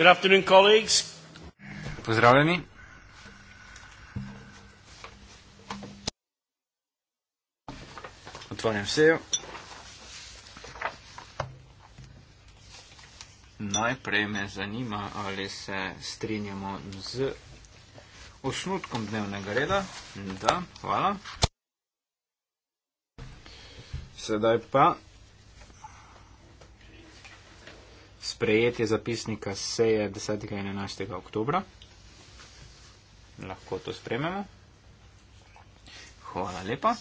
Good afternoon, colleagues. Pozdravljeni. Otvorim sejo. Najprej me zanima, ali se strinjamo z osnutkom dnevnega reda. Da, hvala. Sedaj pa sprejetje zapisnika seje 10. in 11. oktobra. Lahko to sprememo. Hvala lepa.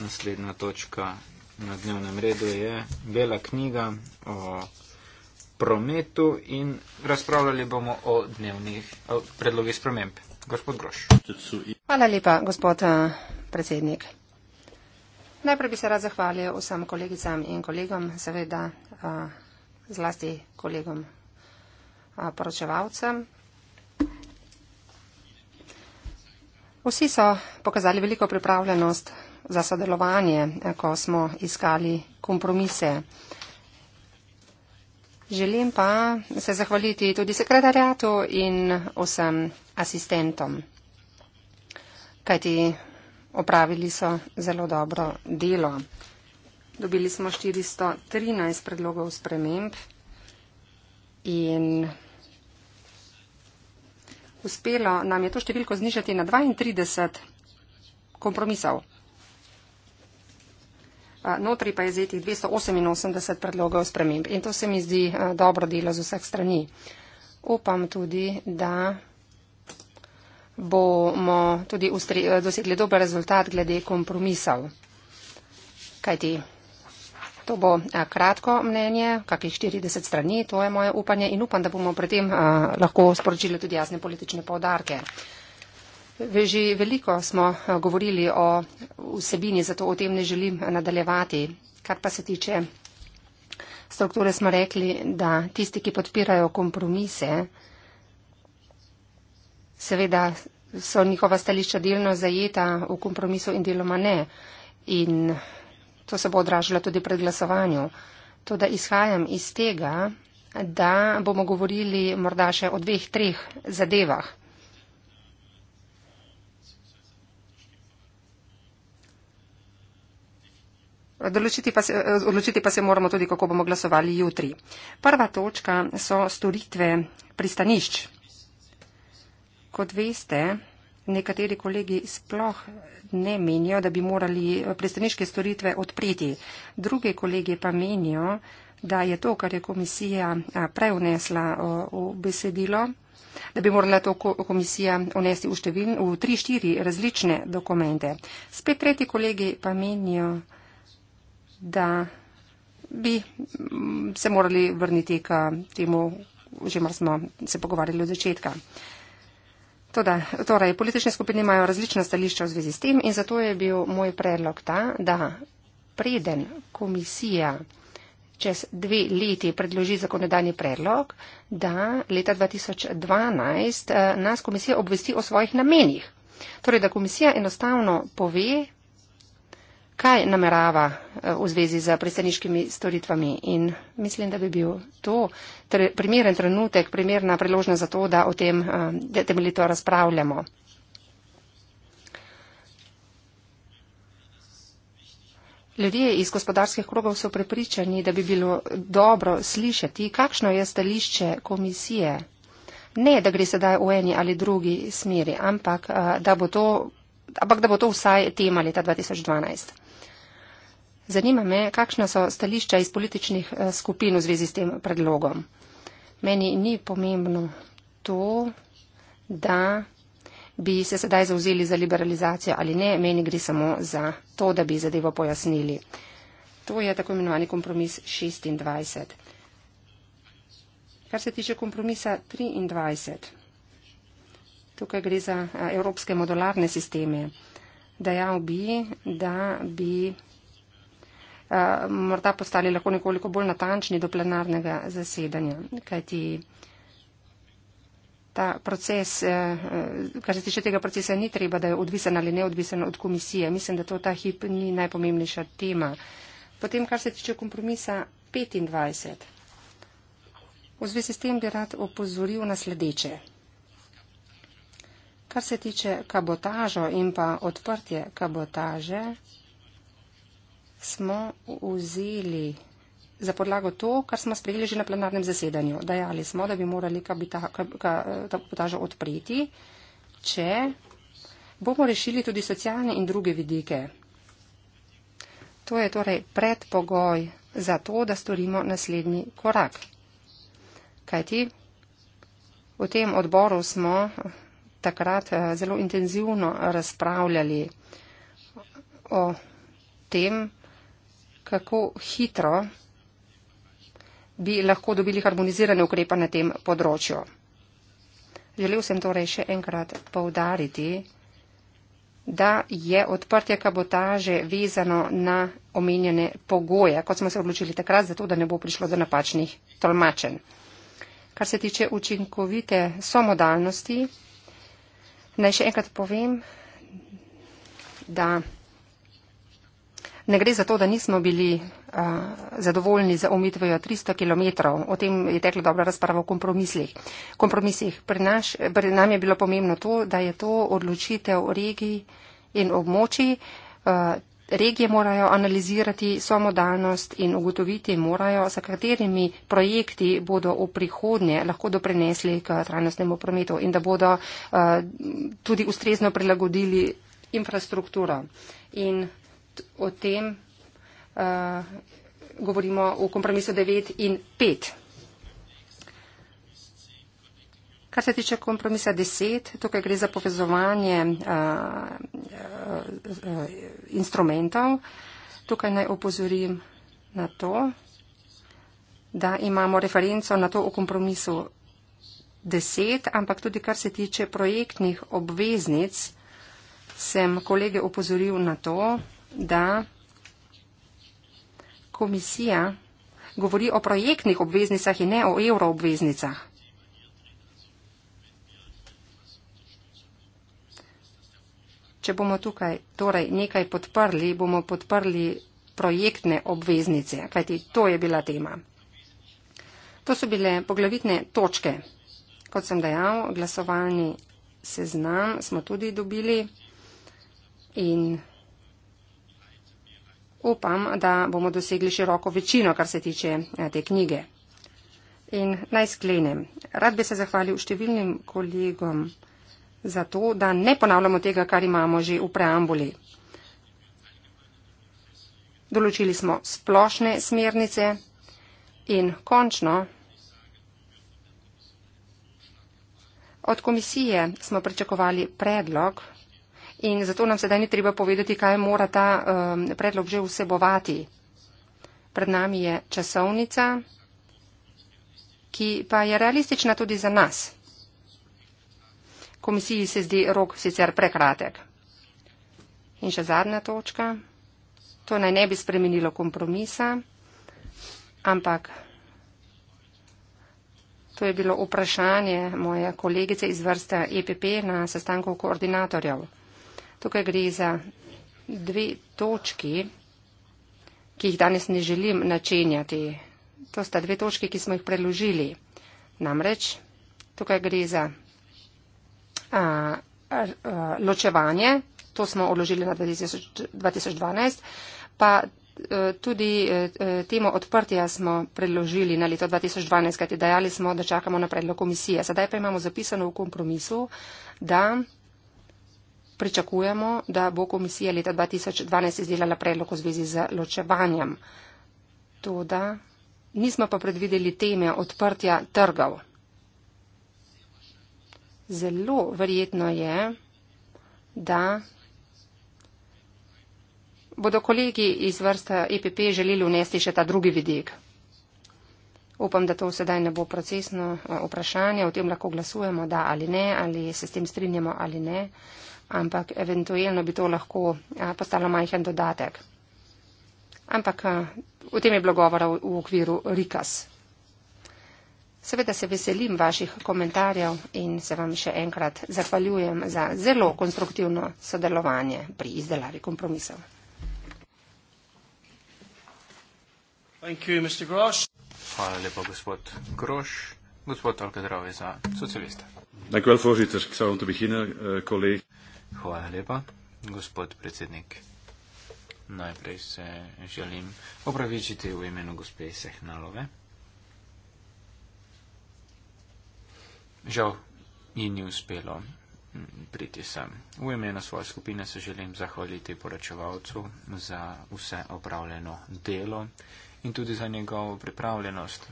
Naslednja točka na dnevnem redu je Bela knjiga o prometu in razpravljali bomo o dnevnih predlogih sprememb. Gospod Groš. Hvala lepa, gospod eh, predsednik. Najprej bi se rad zahvalil vsem kolegicam in kolegom, seveda eh, zlasti kolegom poročevalcem. Vsi so pokazali veliko pripravljenost za sodelovanje, ko smo iskali kompromise. Želim pa se zahvaliti tudi sekretarjatu in vsem asistentom, kajti opravili so zelo dobro delo. Dobili smo 413 predlogov sprememb in uspelo nam je to številko znižati na 32 kompromisov. Notri pa je zetih 288 predlogov sprememb in to se mi zdi dobro delo z vseh strani. Upam tudi, da bomo tudi dosegli dober rezultat glede kompromisov. Kaj ti? To bo eh, kratko mnenje, kakih 40 strani, to je moje upanje in upam, da bomo pri tem eh, lahko sporočili tudi jasne politične povdarke. Že veliko smo eh, govorili o vsebini, zato o tem ne želim nadaljevati. Kar pa se tiče strukture, smo rekli, da tisti, ki podpirajo kompromise, seveda so njihova stališča delno zajeta v kompromisu in deloma ne. In To se bo odražalo tudi pred glasovanju. To, da izhajam iz tega, da bomo govorili morda še o dveh, treh zadevah. Odločiti pa, se, odločiti pa se moramo tudi, kako bomo glasovali jutri. Prva točka so storitve pristanišč. Kot veste, nekateri kolegi sploh ne menijo, da bi morali eh, pristaniške storitve odpreti. Drugi kolegi pa menijo, da je to, kar je komisija eh, prej unesla eh, v besedilo, da bi morala to komisija unesti v, številn, v tri, štiri različne dokumente. Spet tretji kolegi pa menijo, da bi mm, se morali vrniti k temu, o čemer smo se pogovarjali od začetka. Uh, Toda, torej, politične skupine imajo različna stališča v zvezi s tem in zato je bil moj predlog ta, da preden komisija čez dve leti predloži zakonodajni predlog, da leta 2012 eh, nas komisija obvesti o svojih namenih. Torej, da komisija enostavno pove, kaj namerava eh, v zvezi z pristaniškimi storitvami. In mislim, da bi bil to tre, primeren trenutek, primerna priložnost za to, da o tem eh, temeljito razpravljamo. Ljudje iz gospodarskih krogov so prepričani, da bi bilo dobro slišati, kakšno je stališče komisije. Ne, da gre sedaj v eni ali drugi smeri, ampak eh, da bo to, ampak, da bo to vsaj tema leta 2012. Zanima me, kakšna so stališča iz političnih eh, skupin v zvezi s tem predlogom. Meni ni pomembno to, da bi se sedaj zauzeli za liberalizacijo ali ne, meni gre samo za to, da bi zadevo pojasnili. To je tako imenovani kompromis 26. Kar se tiče kompromisa 23, tukaj gre za eh, evropske modularne sisteme. Dajal bi, da bi. Eh, morda postali lahko nekoliko bolj natančni do plenarnega zasedanja. Kajti ta proces, eh, eh, kar se tiče tega procesa, ni treba, da je odvisen ali neodvisen od komisije. Mislim, da to ta hip ni najpomembnejša tema. Potem, kar se tiče kompromisa 25. V zvezi s tem bi rad opozoril na sledeče. Kar se tiče kabotažo in pa odprtje kabotaže, smo vzeli za podlago to, kar smo sprejeli že na plenarnem zasedanju. Dajali smo, da bi morali kapitažo odpreti, če bomo rešili tudi socialne in druge vidike. To je torej predpogoj za to, da storimo naslednji korak. Kajti v tem odboru smo eh, takrat eh, zelo intenzivno razpravljali o tem, kako hitro bi lahko dobili harmonizirane ukrepe na tem področju. Želel sem torej še enkrat povdariti, da je odprtje kabotaže vezano na omenjene pogoje, kot smo se odločili takrat, zato da ne bo prišlo do napačnih tolmačen. Kar se tiče učinkovite somodalnosti, naj še enkrat povem, da Ne gre za to, da nismo bili a, zadovoljni za omitvijo 300 km. O tem je tekla dobra razprava v kompromisih. kompromisih. Pri, naš, pri nam je bilo pomembno to, da je to odločitev regij in območij. A, regije morajo analizirati samodalnost in ugotoviti morajo, sa katerimi projekti bodo v prihodnje lahko doprinesli k trajnostnemu prometu in da bodo a, tudi ustrezno prilagodili infrastrukturo. In o tem uh, govorimo v kompromisu 9 in 5. Kar se tiče kompromisa 10, tukaj gre za povezovanje uh, uh, instrumentov. Tukaj naj opozorim na to, da imamo referenco na to v kompromisu 10, ampak tudi kar se tiče projektnih obveznic, sem kolege opozoril na to, da komisija govori o projektnih obveznicah in ne o euroobveznicah. Če bomo tukaj torej nekaj podprli, bomo podprli projektne obveznice, kajti to je bila tema. To so bile poglavitne točke. Kot sem dejal, glasovalni seznam smo tudi dobili in upam, da bomo dosegli široko večino, kar se tiče eh, te knjige. In naj sklenem. Rad bi se zahvalil številnim kolegom za to, da ne ponavljamo tega, kar imamo že v preambuli. Določili smo splošne smernice in končno od komisije smo pričakovali predlog in zato nam sedaj ni treba povedati, kaj mora ta um, predlog že vsebovati. Pred nami je časovnica, ki pa je realistična tudi za nas. Komisiji se zdi rok sicer prekratek. In še zadnja točka. To naj ne bi spremenilo kompromisa, ampak to je bilo vprašanje moje kolegice iz vrste EPP na sestanku koordinatorjev. Tukaj gre za dve točki, ki jih danes ne želim načenjati. To sta dve točki, ki smo jih preložili. Namreč, tukaj gre za a, a, ločevanje, to smo odložili na 2012, pa a, e, tudi a, e, e, temo odprtja smo preložili na leto 2012, kajti dajali smo, da čakamo na predlog komisije. Sedaj pa imamo zapisano v kompromisu, da Pričakujemo, da bo komisija leta 2012 izdelala predlog v zvezi z ločevanjem. Toda nismo pa predvideli teme odprtja trgov. Zelo verjetno je, da bodo kolegi iz vrsta EPP želeli unesti še ta drugi vidik. Upam, da to sedaj ne bo procesno eh, vprašanje, o tem lahko glasujemo, da ali ne, ali se s tem strinjamo ali ne ampak eventualno bi to lahko postalo majhen dodatek. Ampak v tem je bilo govora v okviru Rikas. Seveda se veselim vaših komentarjev in se vam še enkrat zahvaljujem za zelo konstruktivno sodelovanje pri izdelavi kompromisov. Hvala lepa, gospod Groš. Gospod Tolkadrov je za socialista. Dakle, Hvala lepa, gospod predsednik. Najprej se želim opravičiti v imenu gospe Sehnalove. Žal ji ni uspelo priti sem. V imenu svoje skupine se želim zahvaliti poročevalcu za vse opravljeno delo in tudi za njegovo pripravljenost,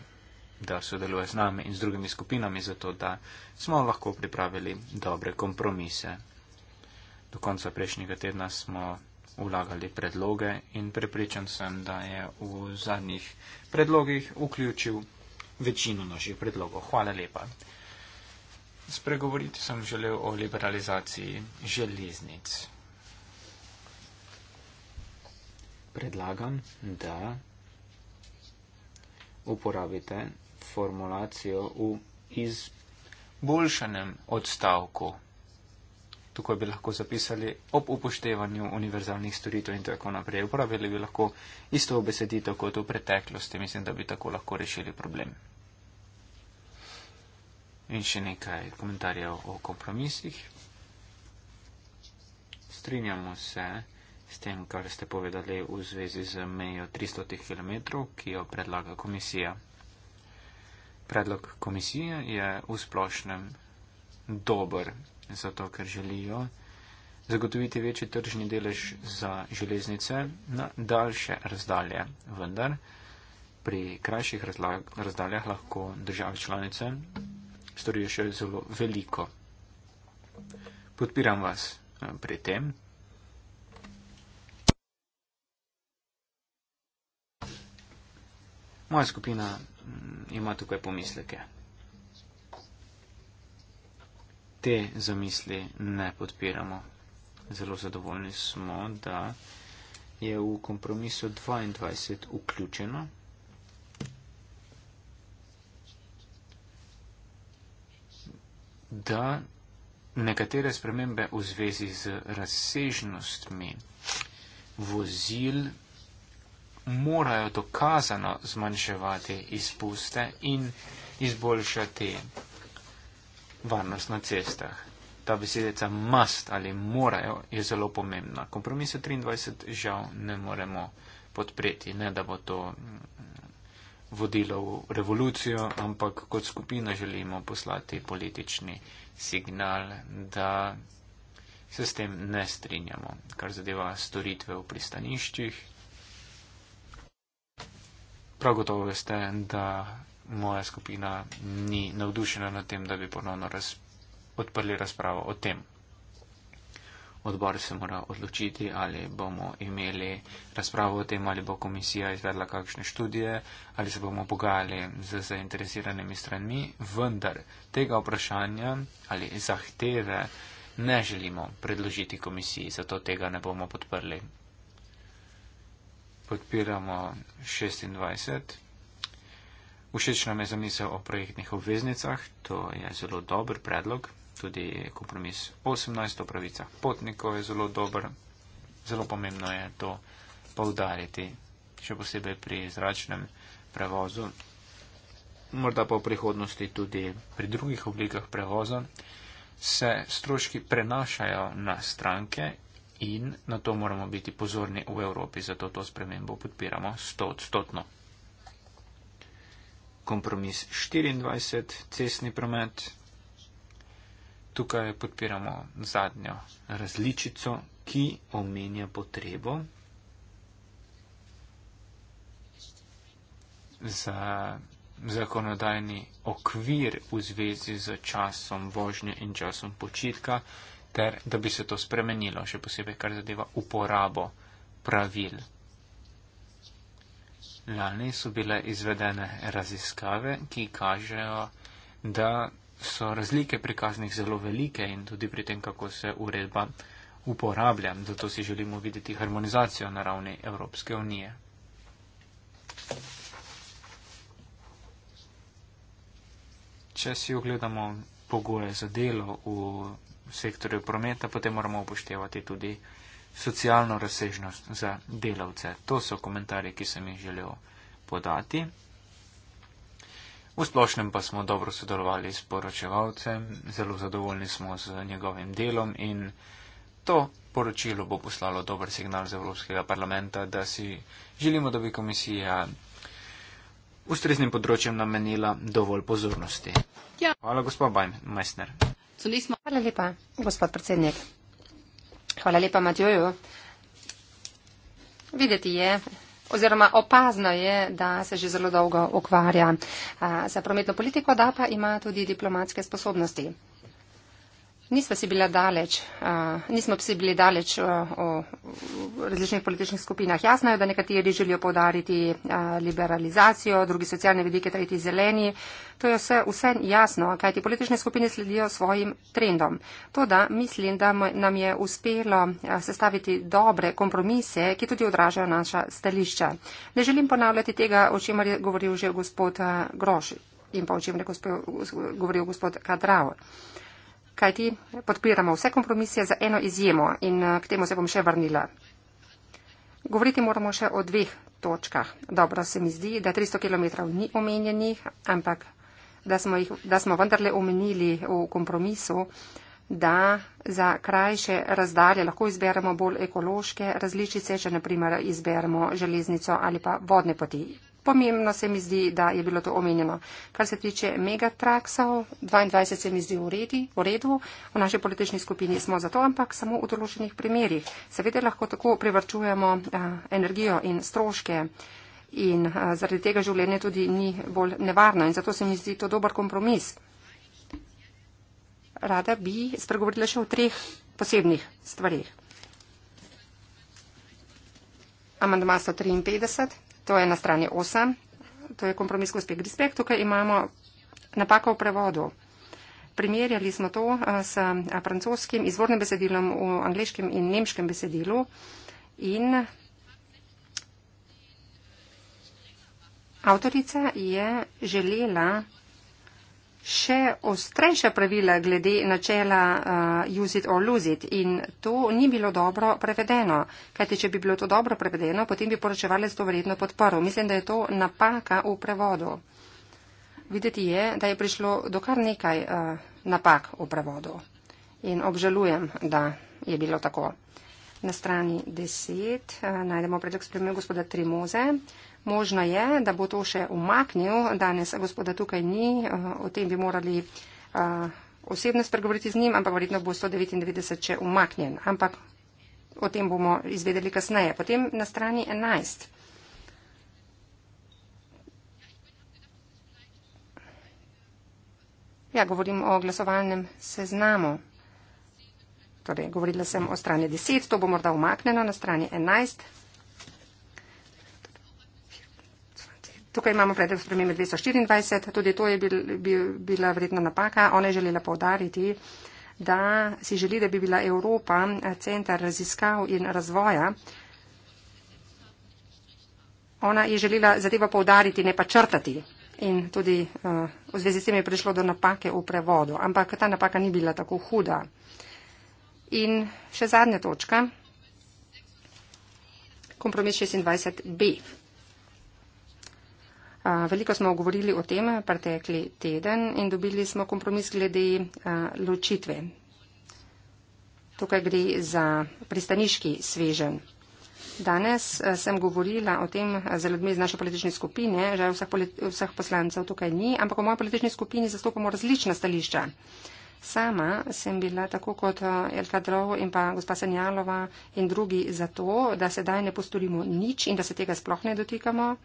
da sodeluje z nami in z drugimi skupinami, zato da smo lahko pripravili dobre kompromise Do konca prejšnjega tedna smo vlagali predloge in prepričan sem, da je v zadnjih predlogih vključil večino naših predlogov. Hvala lepa. Spregovoriti sem želel o liberalizaciji železnic. Predlagam, da uporabite formulacijo v izboljšanem odstavku tukaj bi lahko zapisali ob upoštevanju univerzalnih storitev in tako naprej. Uporabili bi lahko isto obeseditev kot v preteklosti. Mislim, da bi tako lahko rešili problem. In še nekaj komentarjev o kompromisih. Strinjamo se s tem, kar ste povedali v zvezi z mejo 300 km, ki jo predlaga komisija. Predlog komisije je v splošnem dober zato ker želijo zagotoviti večji tržni delež za železnice na daljše razdalje. Vendar pri krajših razdaljah lahko države članice storijo še zelo veliko. Podpiram vas eh, pri tem. Moja skupina mm, ima tukaj pomisleke te zamisli ne podpiramo. Zelo zadovoljni smo, da je v kompromisu 22 vključeno. da nekatere spremembe v zvezi z razsežnostmi vozil morajo dokazano zmanjševati izpuste in izboljšati varnost na cestah. Ta besedica must ali morajo je zelo pomembna. Kompromisa 23 žal ne moremo podpreti. Ne, da bo to mm, vodilo v revolucijo, ampak kot skupina želimo poslati politični signal, da se s tem ne strinjamo, kar zadeva storitve v pristaniščih. Prav gotovo veste, da moja skupina ni navdušena nad tem, da bi ponovno raz, odprli razpravo o tem. Odbor se mora odločiti, ali bomo imeli razpravo o tem, ali bo komisija izvedla kakšne študije, ali se bomo pogajali z zainteresiranimi stranmi, vendar tega vprašanja ali zahteve ne želimo predložiti komisiji, zato tega ne bomo podprli. Podpiramo 26. Všeč nam je zamisel o projektnih obveznicah, to je zelo dober predlog, tudi kompromis 18 o pravicah potnikov je zelo dober. Zelo pomembno je to povdariti, še posebej pri zračnem prevozu, morda pa v prihodnosti tudi pri drugih oblikah prevoza, se stroški prenašajo na stranke in na to moramo biti pozorni v Evropi, zato to spremembo podpiramo stotno kompromis 24, cestni promet. Tukaj podpiramo zadnjo različico, ki omenja potrebo za zakonodajni okvir v zvezi z časom vožnje in časom počitka, ter da bi se to spremenilo, še posebej kar zadeva uporabo pravil Lani so bile izvedene raziskave, ki kažejo, da so razlike pri kaznih zelo velike in tudi pri tem, kako se uredba uporablja. Zato si želimo videti harmonizacijo na ravni Evropske unije. Če si ogledamo pogoje za delo v sektorju prometa, potem moramo upoštevati tudi socialno razsežnost za delavce. To so komentarje, ki sem jih želel podati. V splošnem pa smo dobro sodelovali s poročevalcem, zelo zadovoljni smo z njegovim delom in to poročilo bo poslalo dober signal z Evropskega parlamenta, da si želimo, da bi komisija ustreznim področjem namenila dovolj pozornosti. Ja. Hvala, gospod Bajmesner. Hvala lepa, gospod predsednik. Hvala lepa, Matjojo. Videti je, oziroma opazno je, da se že zelo dolgo ukvarja za prometno politiko, da pa ima tudi diplomatske sposobnosti. Nismo si bila daleč, uh, nismo si bili daleč uh, o različnih političnih skupinah. Jasno je, da nekateri želijo podariti uh, liberalizacijo, drugi socialne vidike, tretji zeleni. To je vse, vse jasno, kajti politične skupine sledijo svojim trendom. To, da mislim, da nam je uspelo uh, sestaviti dobre kompromise, ki tudi odražajo naša stališča. Ne želim ponavljati tega, o čemer je govoril že gospod uh, Groš in pa o čemer je gospod, govoril gospod Kadravo kajti podpiramo vse kompromise za eno izjemo in eh, k temu se bom še vrnila. Govoriti moramo še o dveh točkah. Dobro se mi zdi, da 300 km ni omenjenih, ampak da smo, jih, da smo vendarle omenili v kompromisu, da za krajše razdalje lahko izberemo bolj ekološke različice, če naprimer izberemo železnico ali pa vodne poti pomembno se mi zdi, da je bilo to omenjeno. Kar se tiče megatraksov, 22 se mi zdi v redu, v naši politični skupini smo za to, ampak samo v določenih primerjih. Seveda lahko tako privrčujemo uh, eh, energijo in stroške in uh, zaradi tega življenje tudi ni bolj nevarno in zato se mi zdi to dober kompromis. Rada bi spregovorila še o treh posebnih stvarih. Amandma 153. To je na strani 8, to je kompromis gospe Grispek, tukaj imamo napako v prevodu. Primerjali smo to eh, s eh, francoskim izvornim besedilom v angliškem in nemškem besedilu in avtorica je želela še ostrejša pravila glede načela uh, use it or lose it in to ni bilo dobro prevedeno. Kajti, če bi bilo to dobro prevedeno, potem bi poročevalec to verjetno podporil. Mislim, da je to napaka v prevodu. Videti je, da je prišlo do kar nekaj uh, napak v prevodu in obžalujem, da je bilo tako. Na strani 10 eh, najdemo predlog spremembe gospoda Trimoze. Možno je, da bo to še umaknil. Danes gospoda tukaj ni. Eh, o tem bi morali eh, osebno spregovoriti z njim, ampak verjetno bo 199 še umaknjen. Ampak o tem bomo izvedeli kasneje. Potem na strani 11. Ja, govorim o glasovalnem seznamu torej, govorila sem o strani 10, to bo morda umaknjeno na strani 11. Tukaj imamo predlog spremembe 224, tudi to je bil, bil, bila vredna napaka. Ona je želela povdariti, da si želi, da bi bila Evropa centar raziskav in razvoja. Ona je želela zadeva povdariti, ne pa črtati. In tudi uh, v zvezi s tem je prišlo do napake v prevodu, ampak ta napaka ni bila tako huda. Uh, In še zadnja točka, kompromis 26b. Veliko smo govorili o tem pretekli teden in dobili smo kompromis glede ločitve. Tukaj gre za pristaniški svežen. Danes sem govorila o tem z ljudmi iz naše politične skupine, žal vseh, vseh poslancev tukaj ni, ampak v moji politični skupini zastopamo različna stališča. Sama sem bila tako kot eh, Elka Drov in pa gospa Senjalova in drugi za to, da se daj ne postorimo nič in da se tega sploh ne dotikamo.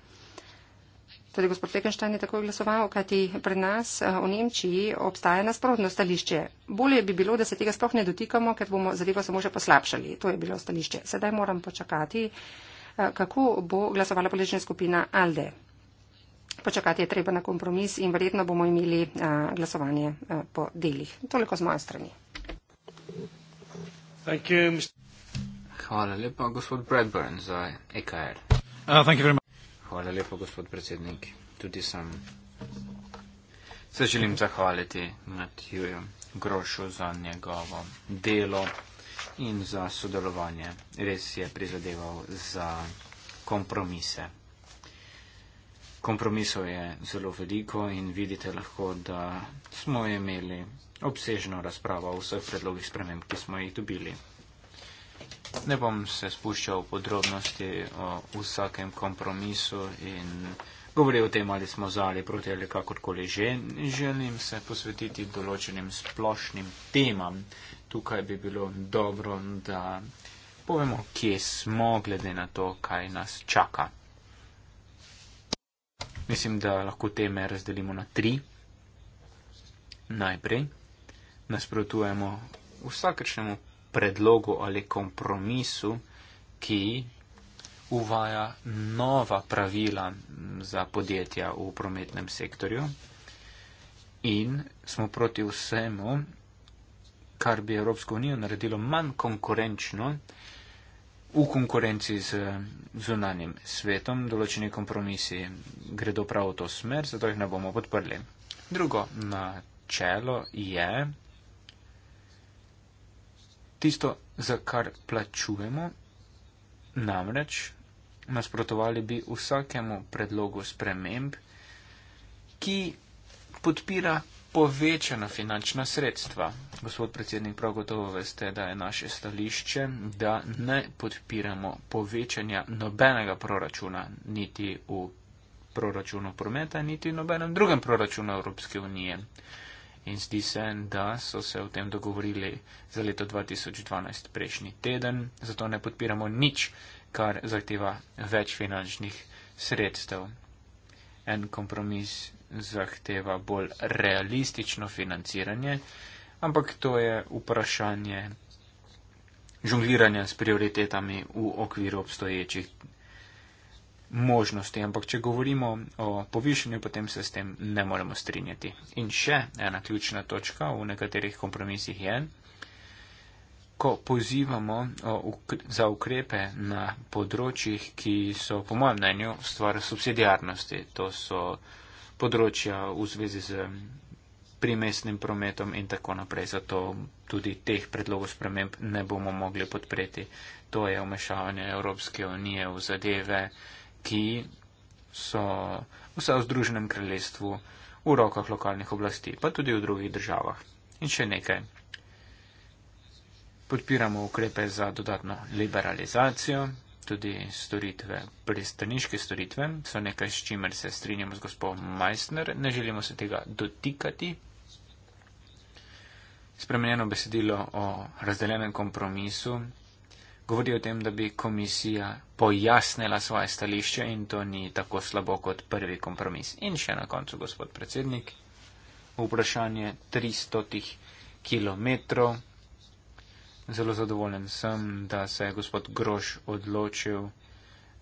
Tudi gospod Fekenštajn je tako glasoval, kajti pred nas eh, v Nemčiji obstaja nasprotno stališče. Bolje bi bilo, da se tega sploh ne dotikamo, ker bomo zadevo samo še poslabšali. To je bilo stališče. Sedaj moram počakati, eh, kako bo glasovala politična skupina Alde počakati je treba na kompromis in verjetno bomo imeli a, eh, glasovanje a, eh, po delih. Toliko z moje strani. You, Hvala lepa, gospod Bradburn, za EKR. Uh, Hvala lepa, gospod predsednik. Tudi sam se želim zahvaliti Matjuju Grošu za njegovo delo in za sodelovanje. Res je prizadeval za kompromise kompromisov je zelo veliko in vidite lahko, da smo imeli obsežno razpravo o vseh predlogih sprememb, ki smo jih dobili. Ne bom se spuščal v podrobnosti o vsakem kompromisu in govoril o tem, ali smo za ali proti ali kakorkoli že. Želim se posvetiti določenim splošnim temam. Tukaj bi bilo dobro, da povemo, kje smo glede na to, kaj nas čaka. Mislim, da lahko teme razdelimo na tri. Najprej nasprotujemo vsakršnemu predlogu ali kompromisu, ki uvaja nova pravila za podjetja v prometnem sektorju in smo proti vsemu, kar bi Evropsko unijo naredilo manj konkurenčno v konkurenci z zunanjim svetom, določeni kompromisi gredo prav v to smer, zato jih ne bomo podprli. Drugo načelo je tisto, za kar plačujemo, namreč nasprotovali bi vsakemu predlogu sprememb, ki podpira povečana finančna sredstva. Gospod predsednik, prav gotovo veste, da je naše stališče, da ne podpiramo povečanja nobenega proračuna, niti v proračunu prometa, niti v nobenem drugem proračunu Evropske unije. In zdi se, da so se o tem dogovorili za leto 2012 prejšnji teden, zato ne podpiramo nič, kar zahteva več finančnih sredstev. En kompromis zahteva bolj realistično financiranje, ampak to je vprašanje žongliranja s prioritetami v okviru obstoječih možnosti. Ampak, če govorimo o povišanju, potem se s tem ne moremo strinjati. In še ena ključna točka v nekaterih kompromisih je, ko pozivamo za ukrepe na področjih, ki so, po mojem mnenju, stvar subsidiarnosti. To so področja v zvezi z primestnim prometom in tako naprej. Zato tudi teh predlogov sprememb ne bomo mogli podpreti. To je vmešavanje Evropske unije v zadeve, ki so vse v Združenem kraljestvu v rokah lokalnih oblasti, pa tudi v drugih državah. In še nekaj. Podpiramo ukrepe za dodatno liberalizacijo tudi storitve. Pristaniške storitve so nekaj, s čimer se strinjamo z gospod Meissner, ne želimo se tega dotikati. Spremenjeno besedilo o razdeljenem kompromisu govori o tem, da bi komisija pojasnila svoje stališče in to ni tako slabo kot prvi kompromis. In še na koncu, gospod predsednik, vprašanje 300 kilometrov. Zelo zadovoljen sem, da se je gospod Groš odločil,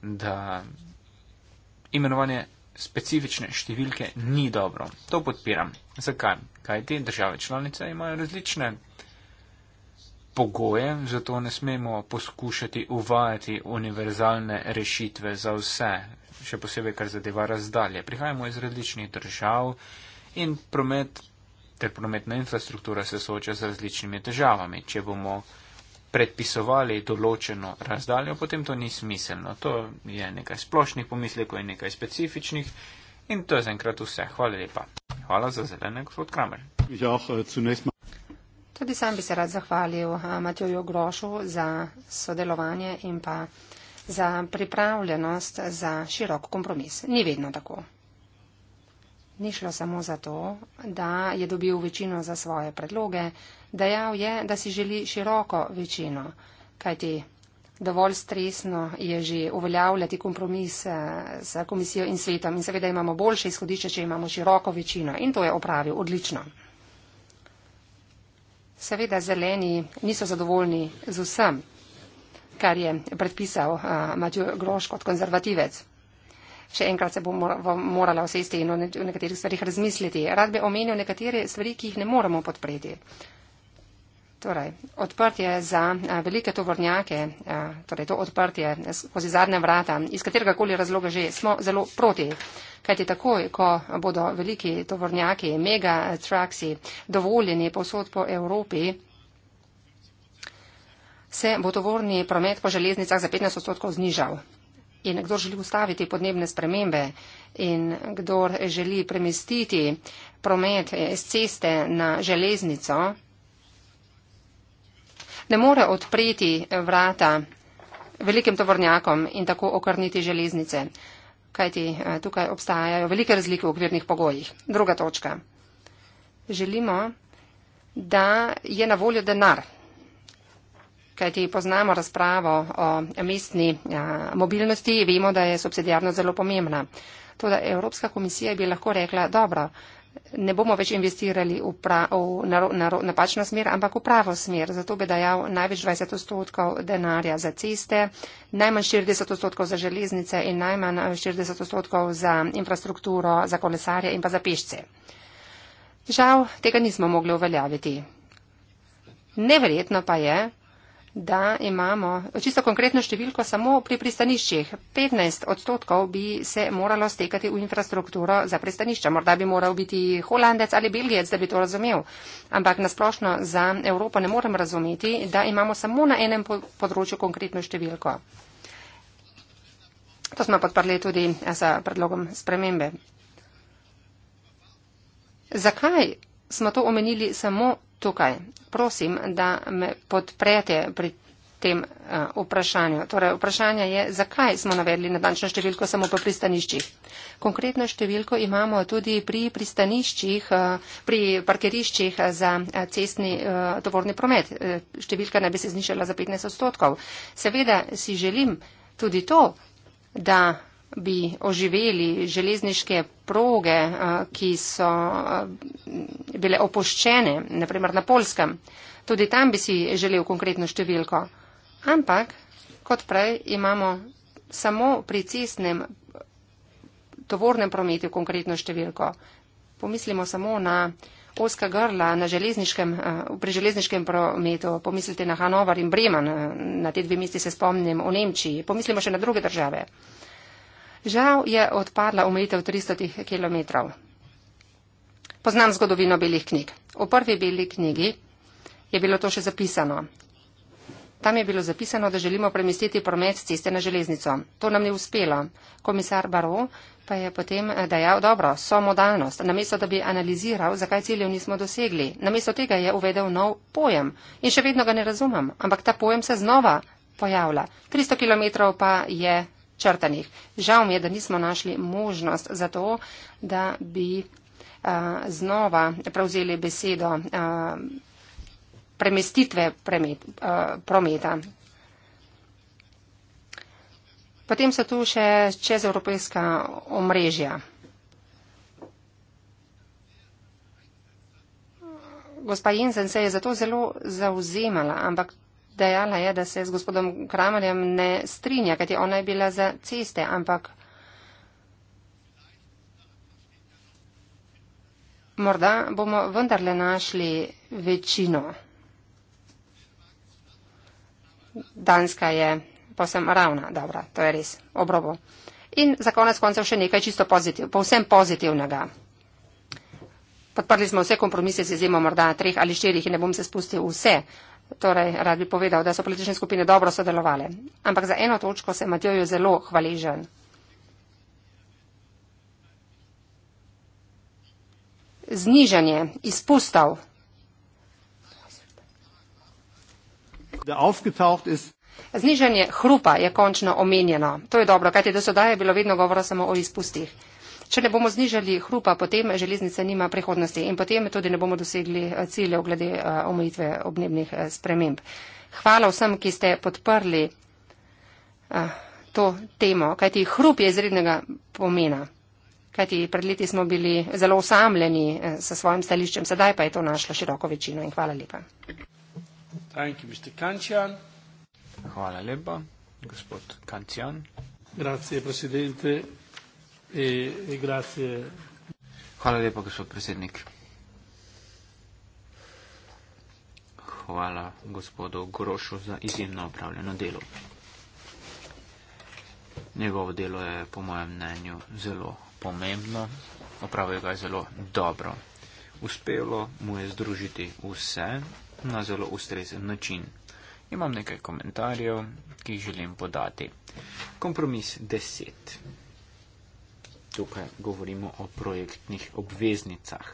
da imenovanje specifične številke ni dobro. To podpiram. Zakaj? Kaj te države članice imajo različne pogoje, zato ne smemo poskušati uvajati univerzalne rešitve za vse, še posebej kar zadeva razdalje. Prihajamo iz različnih držav in promet ter prometna infrastruktura se sooča z različnimi težavami. Če bomo predpisovali določeno razdaljo, potem to ni smiselno. To je nekaj splošnih pomislekov in nekaj specifičnih. In to je zaenkrat vse. Hvala lepa. Hvala za zelenek, gospod Kramer. Ja, eh, Tudi sam bi se rad zahvalil eh, Matjoju Grošu za sodelovanje in pa za pripravljenost za širok kompromis. Ni vedno tako. Ni šlo samo za to, da je dobil večino za svoje predloge, dejal je, da si želi široko večino, kajti dovolj stresno je že uveljavljati kompromis eh, s komisijo in svetom in seveda imamo boljše izhodišče, če imamo široko večino in to je opravil odlično. Seveda zeleni niso zadovoljni z vsem, kar je predpisal eh, Matjo Groš kot konzervativec še enkrat se bom morala osesti in o nekaterih stvarih razmisliti. Rad bi omenil nekatere stvari, ki jih ne moremo podpreti. Torej, odprtje za velike tovornjake, torej to odprtje skozi zadnja vrata, iz katerega koli razloga že, smo zelo proti. Kajti takoj, ko bodo veliki tovornjaki, mega traksi, dovoljeni posod po Evropi, se bo tovorni promet po železnicah za 15 odstotkov znižal. In kdo želi ustaviti podnebne spremembe in kdo želi premestiti promet z ceste na železnico, ne more odpreti vrata velikim tovornjakom in tako okrniti železnice, kajti eh, tukaj obstajajo velike razlike v okvirnih pogojih. Druga točka. Želimo, da je na voljo denar, kajti poznamo razpravo o mestni mobilnosti, vemo, da je subsidijarnost zelo pomembna. Toda Evropska komisija bi lahko rekla, dobro, ne bomo več investirali v, prav, v napačno smer, ampak v pravo smer. Zato bi dajal največ 20 odstotkov denarja za ceste, najmanj 40 odstotkov za železnice in najmanj 40 odstotkov za infrastrukturo, za kolesarje in pa za pešce. Žal, tega nismo mogli uveljaviti. Neverjetno pa je, Da imamo čisto konkretno številko samo pri pristaniščih. 15 odstotkov bi se moralo stekati v infrastrukturo za pristanišča. Morda bi moral biti holandec ali belgijec, da bi to razumel. Ampak nasplošno za Evropo ne morem razumeti, da imamo samo na enem področju konkretno številko. To smo podprli tudi za eh, predlogom spremembe. Zakaj smo to omenili samo? tukaj. Prosim, da me podprete pri tem uh, vprašanju. Torej, vprašanje je, zakaj smo navedli natančno številko samo po pristaniščih. Konkretno številko imamo tudi pri pristaniščih, uh, pri parkiriščih za eh, cestni uh, tovorni promet. Številka naj bi se znižala za 15 odstotkov. Seveda si želim tudi to, da bi oživeli železniške proge, eh, ki so eh, bile opoščene, naprimer na Polskem. Tudi tam bi si želel konkretno številko. Ampak, kot prej, imamo samo pri cestnem tovornem prometu konkretno številko. Pomislimo samo na oska grla na železniškem, eh, pri železniškem prometu. Pomislite na Hanover in Bremen, na te dve mesti se spomnim, v Nemčiji. Pomislimo še na druge države. Žal je odpadla omejitev 300 km. Poznam zgodovino belih knjig. V prvi beli knjigi je bilo to še zapisano. Tam je bilo zapisano, da želimo premestiti promet z ceste na železnico. To nam ni uspelo. Komisar Baro pa je potem eh, dejal, dobro, so modalnost. Namesto, da bi analiziral, zakaj ciljev nismo dosegli. Namesto tega je uvedel nov pojem. In še vedno ga ne razumem. Ampak ta pojem se znova pojavlja. 300 km pa je črtanih. Žal mi je, da nismo našli možnost za to, da bi znova prevzeli besedo premestitve prometa. Potem so tu še čezevropejska omrežja. Gospa Jensen se je zato zelo zauzemala, ampak dejala je, da se z gospodom Kramerjem ne strinja, kajti ona je bila za ceste, ampak morda bomo vendarle našli večino. Danska je posem ravna, dobro, to je res, obrobo. In za konec koncev še nekaj čisto pozitiv, povsem pozitivnega. Podprli smo vse kompromise z izjemo morda treh ali štirih in ne bom se spustil vse, Torej, rad bi povedal, da so politične skupine dobro sodelovale. Ampak za eno točko sem Matjoju zelo hvaležen. Znižanje izpustov. Znižanje hrupa je končno omenjeno. To je dobro, kajti do sedaj je bilo vedno govora samo o izpustih če ne bomo znižali hrupa, potem železnica nima prihodnosti in potem tudi ne bomo dosegli eh, ciljev glede eh, omejitve obnebnih eh, sprememb. Hvala vsem, ki ste podprli to temo, kajti hrup je izrednega pomena. Kajti pred leti smo bili zelo osamljeni s svojim stališčem, sedaj pa je to našlo široko večino in hvala lepa. Hvala lepa, gospod Kancijan. Grazie, E, e grazie. Hvala lepa, gospod predsednik. Hvala gospodu Grošu za izjemno opravljeno delo. Njegovo delo je po mojem mnenju zelo pomembno, opravil ga je zelo dobro. Uspelo mu je združiti vse na zelo ustrezen način. Imam nekaj komentarjev, ki jih želim podati. Kompromis 10 tukaj govorimo o projektnih obveznicah.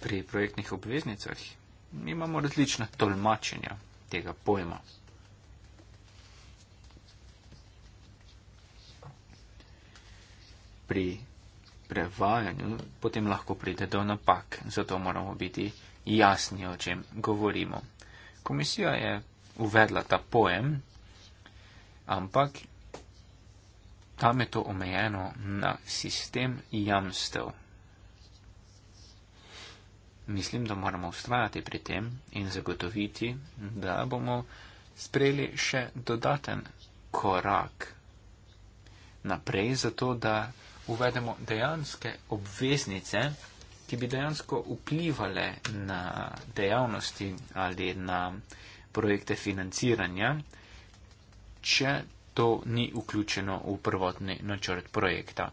Pri projektnih obveznicah imamo različna tolmačenja tega pojma. Pri prevajanju potem lahko pride do napak, zato moramo biti jasni, o čem govorimo. Komisija je uvedla ta pojem, ampak tam je to omejeno na sistem jamstev. Mislim, da moramo ustvarjati pri tem in zagotoviti, da bomo sprejeli še dodaten korak naprej, zato da uvedemo dejanske obveznice, ki bi dejansko vplivale na dejavnosti ali na uh, projekte financiranja, če to ni vključeno v prvotni načrt projekta.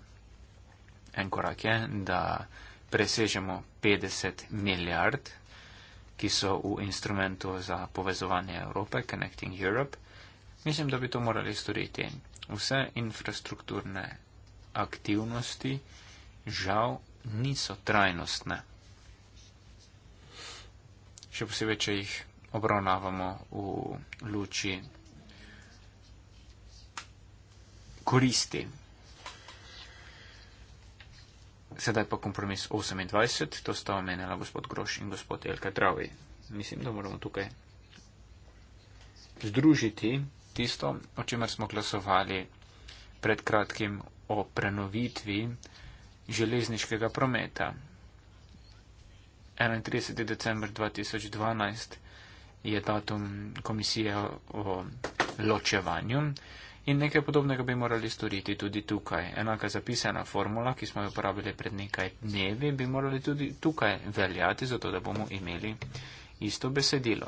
En korak je, da presežemo 50 milijard, ki so v instrumentu za povezovanje Evrope, Connecting Europe. Mislim, da bi to morali storiti. Vse infrastrukturne aktivnosti žal niso trajnostne. Še posebej, če jih obravnavamo v luči koristi. Sedaj pa kompromis 28, to sta omenjala gospod Groš in gospod Elka Dravi. Mislim, da moramo tukaj združiti tisto, o čemer smo glasovali pred kratkim o prenovitvi železniškega prometa. 31. december 2012 je datum komisije o ločevanju. In nekaj podobnega bi morali storiti tudi tukaj. Enaka zapisana formula, ki smo jo uporabili pred nekaj dnevi, bi morali tudi tukaj veljati, zato da bomo imeli isto besedilo.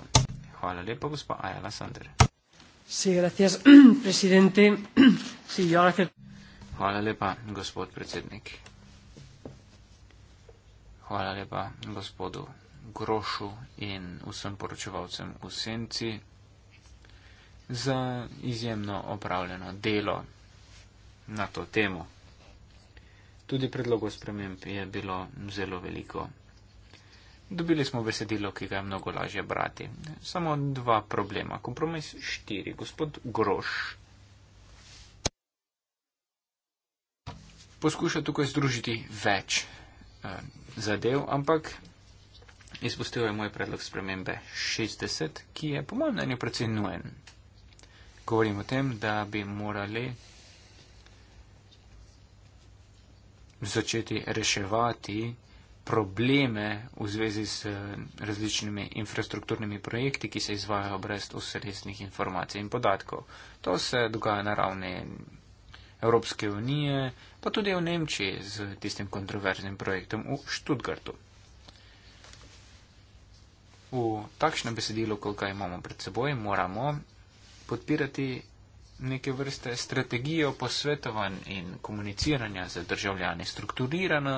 Hvala lepa, gospa Ajala Sander. Hvala lepa, gospod predsednik. Hvala lepa, gospodu grošu in vsem poročevalcem v senci za izjemno opravljeno delo na to temo. Tudi predlogov sprememb je bilo zelo veliko. Dobili smo besedilo, ki ga je mnogo lažje brati. Samo dva problema. Kompromis štiri. Gospod Groš poskuša tukaj združiti več eh, zadev, ampak Izpustil je moj predlog spremembe 60, ki je po mojem mnenju precej nujen. Govorim o tem, da bi morali začeti reševati probleme v zvezi s eh, različnimi infrastrukturnimi projekti, ki se izvajajo brez ustreznih informacij in podatkov. To se dogaja na ravni Evropske unije, pa tudi v Nemčiji z tistim kontroverznim projektom v Študgartu v takšnem besedilu, koliko imamo pred seboj, moramo podpirati neke vrste strategijo posvetovanj in komuniciranja z državljani, strukturirana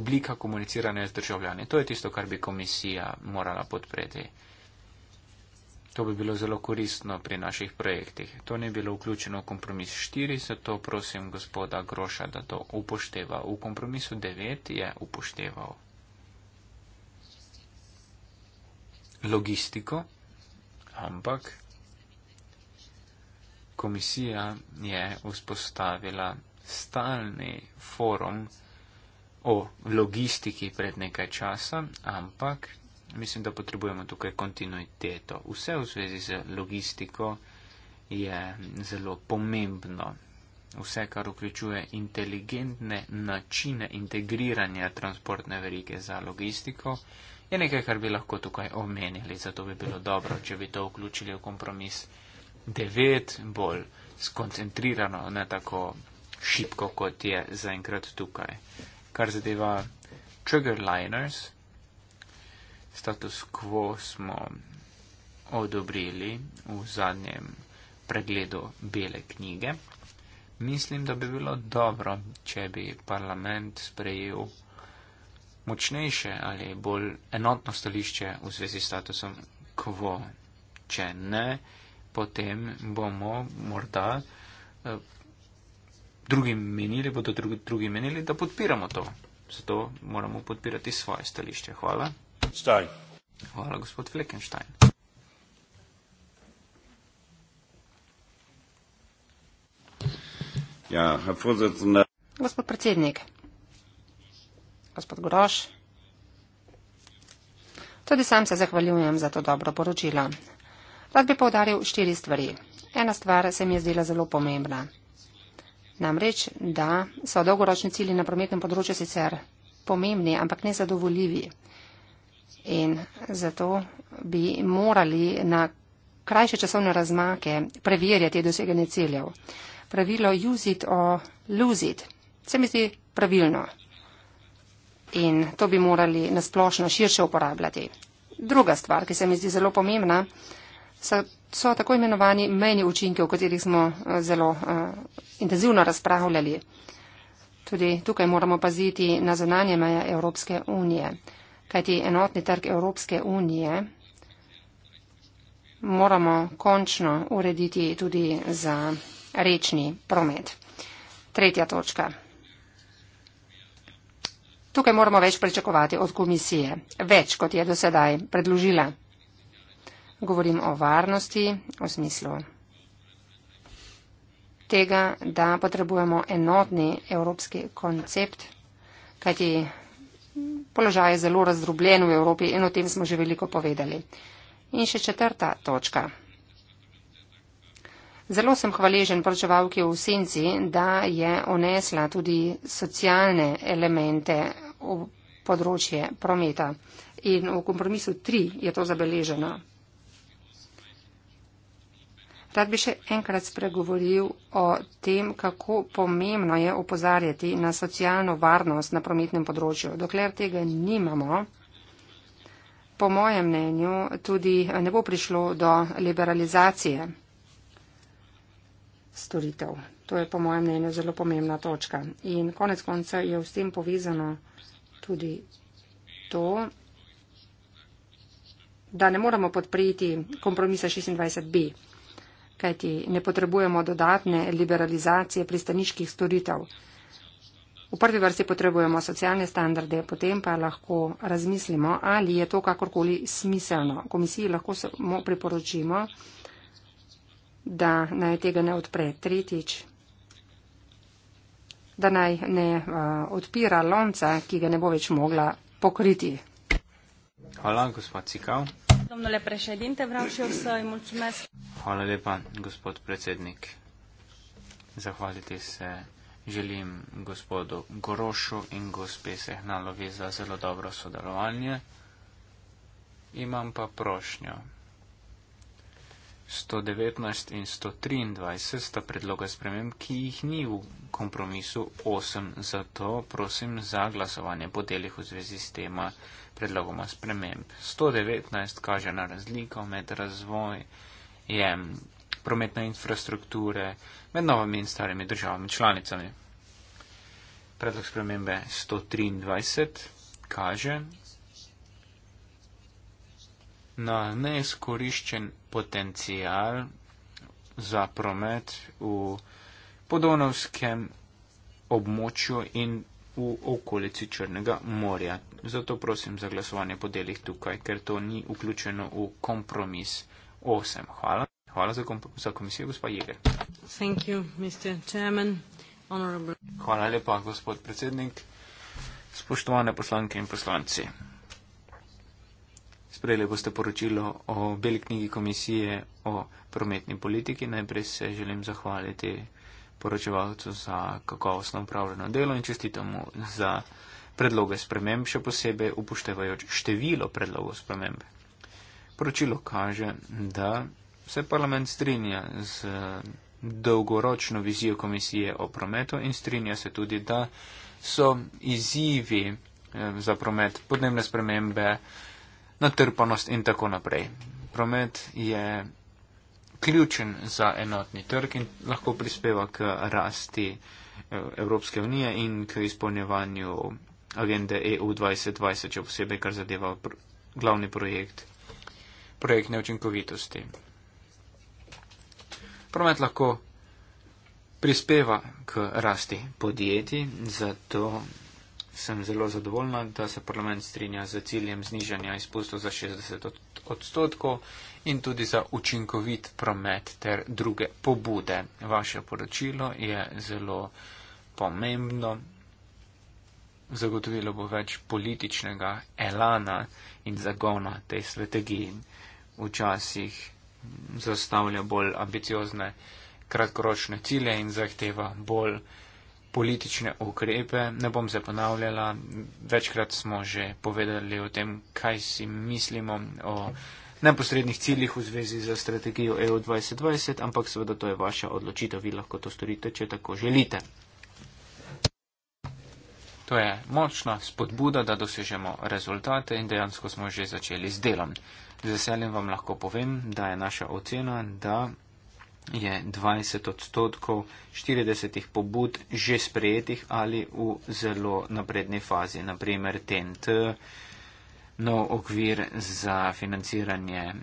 oblika komuniciranja z državljani. To je tisto, kar bi komisija morala podpreti. To bi bilo zelo koristno pri naših projektih. To ne bi bilo vključeno v kompromis 4, zato prosim gospoda Groša, da to upošteva. V kompromisu 9 je upošteval. logistiko, ampak komisija je vzpostavila stalni forum o logistiki pred nekaj časa, ampak mislim, da potrebujemo tukaj kontinuiteto. Vse v zvezi z logistiko je zelo pomembno. Vse, kar vključuje inteligentne načine integriranja transportne verige za logistiko, je nekaj, kar bi lahko tukaj omenili, zato bi bilo dobro, če bi to vključili v kompromis 9, bolj skoncentrirano, ne tako šipko, kot je zaenkrat tukaj. Kar zadeva trigger liners, status quo smo odobrili v zadnjem pregledu bele knjige. Mislim, da bi bilo dobro, če bi parlament sprejel močnejše ali bolj enotno stališče v zvezi s statusom quo. Če ne, potem bomo morda eh, drugim menili, bodo drugi, drugi menili, da podpiramo to. Zato moramo podpirati svoje stališče. Hvala. Stein. Hvala, gospod Fleckenstein. Ja, gospod predsednik gospod Groš. Tudi sam se zahvaljujem za to dobro poročilo. Rad bi povdaril štiri stvari. Ena stvar se mi je zdela zelo pomembna. Namreč, da so dolgoročni cilji na prometnem področju sicer pomembni, ampak nezadovoljivi. In zato bi morali na krajše časovne razmake preverjati dosegane ciljev. Pravilo use it or lose it se mi zdi pravilno in to bi morali nasplošno širše uporabljati. Druga stvar, ki se mi zdi zelo pomembna, so, so tako imenovani mejni učinki, o katerih smo eh, zelo uh, intenzivno razpravljali. Tudi tukaj moramo paziti na zonanje meje Evropske unije, kajti enotni trg Evropske unije moramo končno urediti tudi za rečni promet. Tretja točka. Tukaj moramo več pričakovati od komisije. Več, kot je dosedaj predložila. Govorim o varnosti v smislu tega, da potrebujemo enotni evropski koncept, kajti položaj je zelo razdrobljen v Evropi in o tem smo že veliko povedali. In še četrta točka. Zelo sem hvaležen pročevalki v Senci, da je onesla tudi socialne elemente v področje prometa. In v kompromisu 3 je to zabeleženo. Rad bi še enkrat spregovoril o tem, kako pomembno je opozarjati na socialno varnost na prometnem področju. Dokler tega nimamo, po mojem mnenju, tudi ne bo prišlo do liberalizacije storitev. To je po mojem mnenju zelo pomembna točka. In konec konca je v tem povezano tudi to, da ne moramo podpreti kompromisa 26b, kajti ne potrebujemo dodatne liberalizacije pristaniških storitev. V prvi vrsti potrebujemo socialne standarde, potem pa lahko razmislimo, ali je to kakorkoli smiselno. Komisiji lahko samo priporočimo, da naj tega ne odpre. Tretjič, da naj ne uh, odpira lonca, ki ga ne bo več mogla pokriti. Hvala, gospod Cikav. Hvala lepa, gospod predsednik. Zahvaliti se želim gospodu Gorošu in gospe Sehnalovi za zelo dobro sodelovanje. Imam pa prošnjo. 119 in 123 sta predloga sprememb, ki jih ni v kompromisu 8, zato prosim za glasovanje po delih v zvezi s tema predlogoma sprememb. 119 kaže na razliko med razvojem prometne infrastrukture med novimi in starimi državami članicami. Predlog spremembe 123 kaže na neizkoriščen potencial za promet v podonovskem območju in v okolici Črnega morja. Zato prosim za glasovanje po delih tukaj, ker to ni vključeno v kompromis 8. Hvala. Hvala za, kom za komisijo, gospod Jeger. Hvala lepa, gospod predsednik. Spoštovane poslanke in poslanci. Sprejeli boste poročilo o Beli knjigi komisije o prometni politiki. Najprej se želim zahvaliti poročevalcu za kakovostno upravljeno delo in čestitamo za predloge sprememb, še posebej upoštevajoč število predlogov sprememb. Poročilo kaže, da se parlament strinja z dolgoročno vizijo komisije o prometu in strinja se tudi, da so izzivi eh, za promet podnebne spremembe, natrpanost in tako naprej. Promet je ključen za enotni trg in lahko prispeva k rasti eh, Evropske unije in k izpolnjevanju agende EU 2020, če posebej kar zadeva pr glavni projekt, projekt neučinkovitosti. Promet lahko prispeva k rasti podjetij, zato sem zelo zadovoljna, da se parlament strinja z ciljem znižanja izpustov za 60 odstotkov in tudi za učinkovit promet ter druge pobude. Vaše poročilo je zelo pomembno. Zagotovilo bo več političnega elana in zagona tej strategiji. Včasih zastavlja bolj ambiciozne kratkoročne cilje in zahteva bolj politične ukrepe. Ne bom se ponavljala, večkrat smo že povedali o tem, kaj si mislimo o neposrednih ciljih v zvezi z strategijo EU 2020, ampak seveda to je vaša odločitev, vi lahko to storite, če tako želite. To je močna spodbuda, da dosežemo rezultate in dejansko smo že začeli z delom. Z veseljem vam lahko povem, da je naša ocena, da je 20 odstotkov 40 pobud že sprejetih ali v zelo napredni fazi, naprimer TNT, nov okvir za financiranje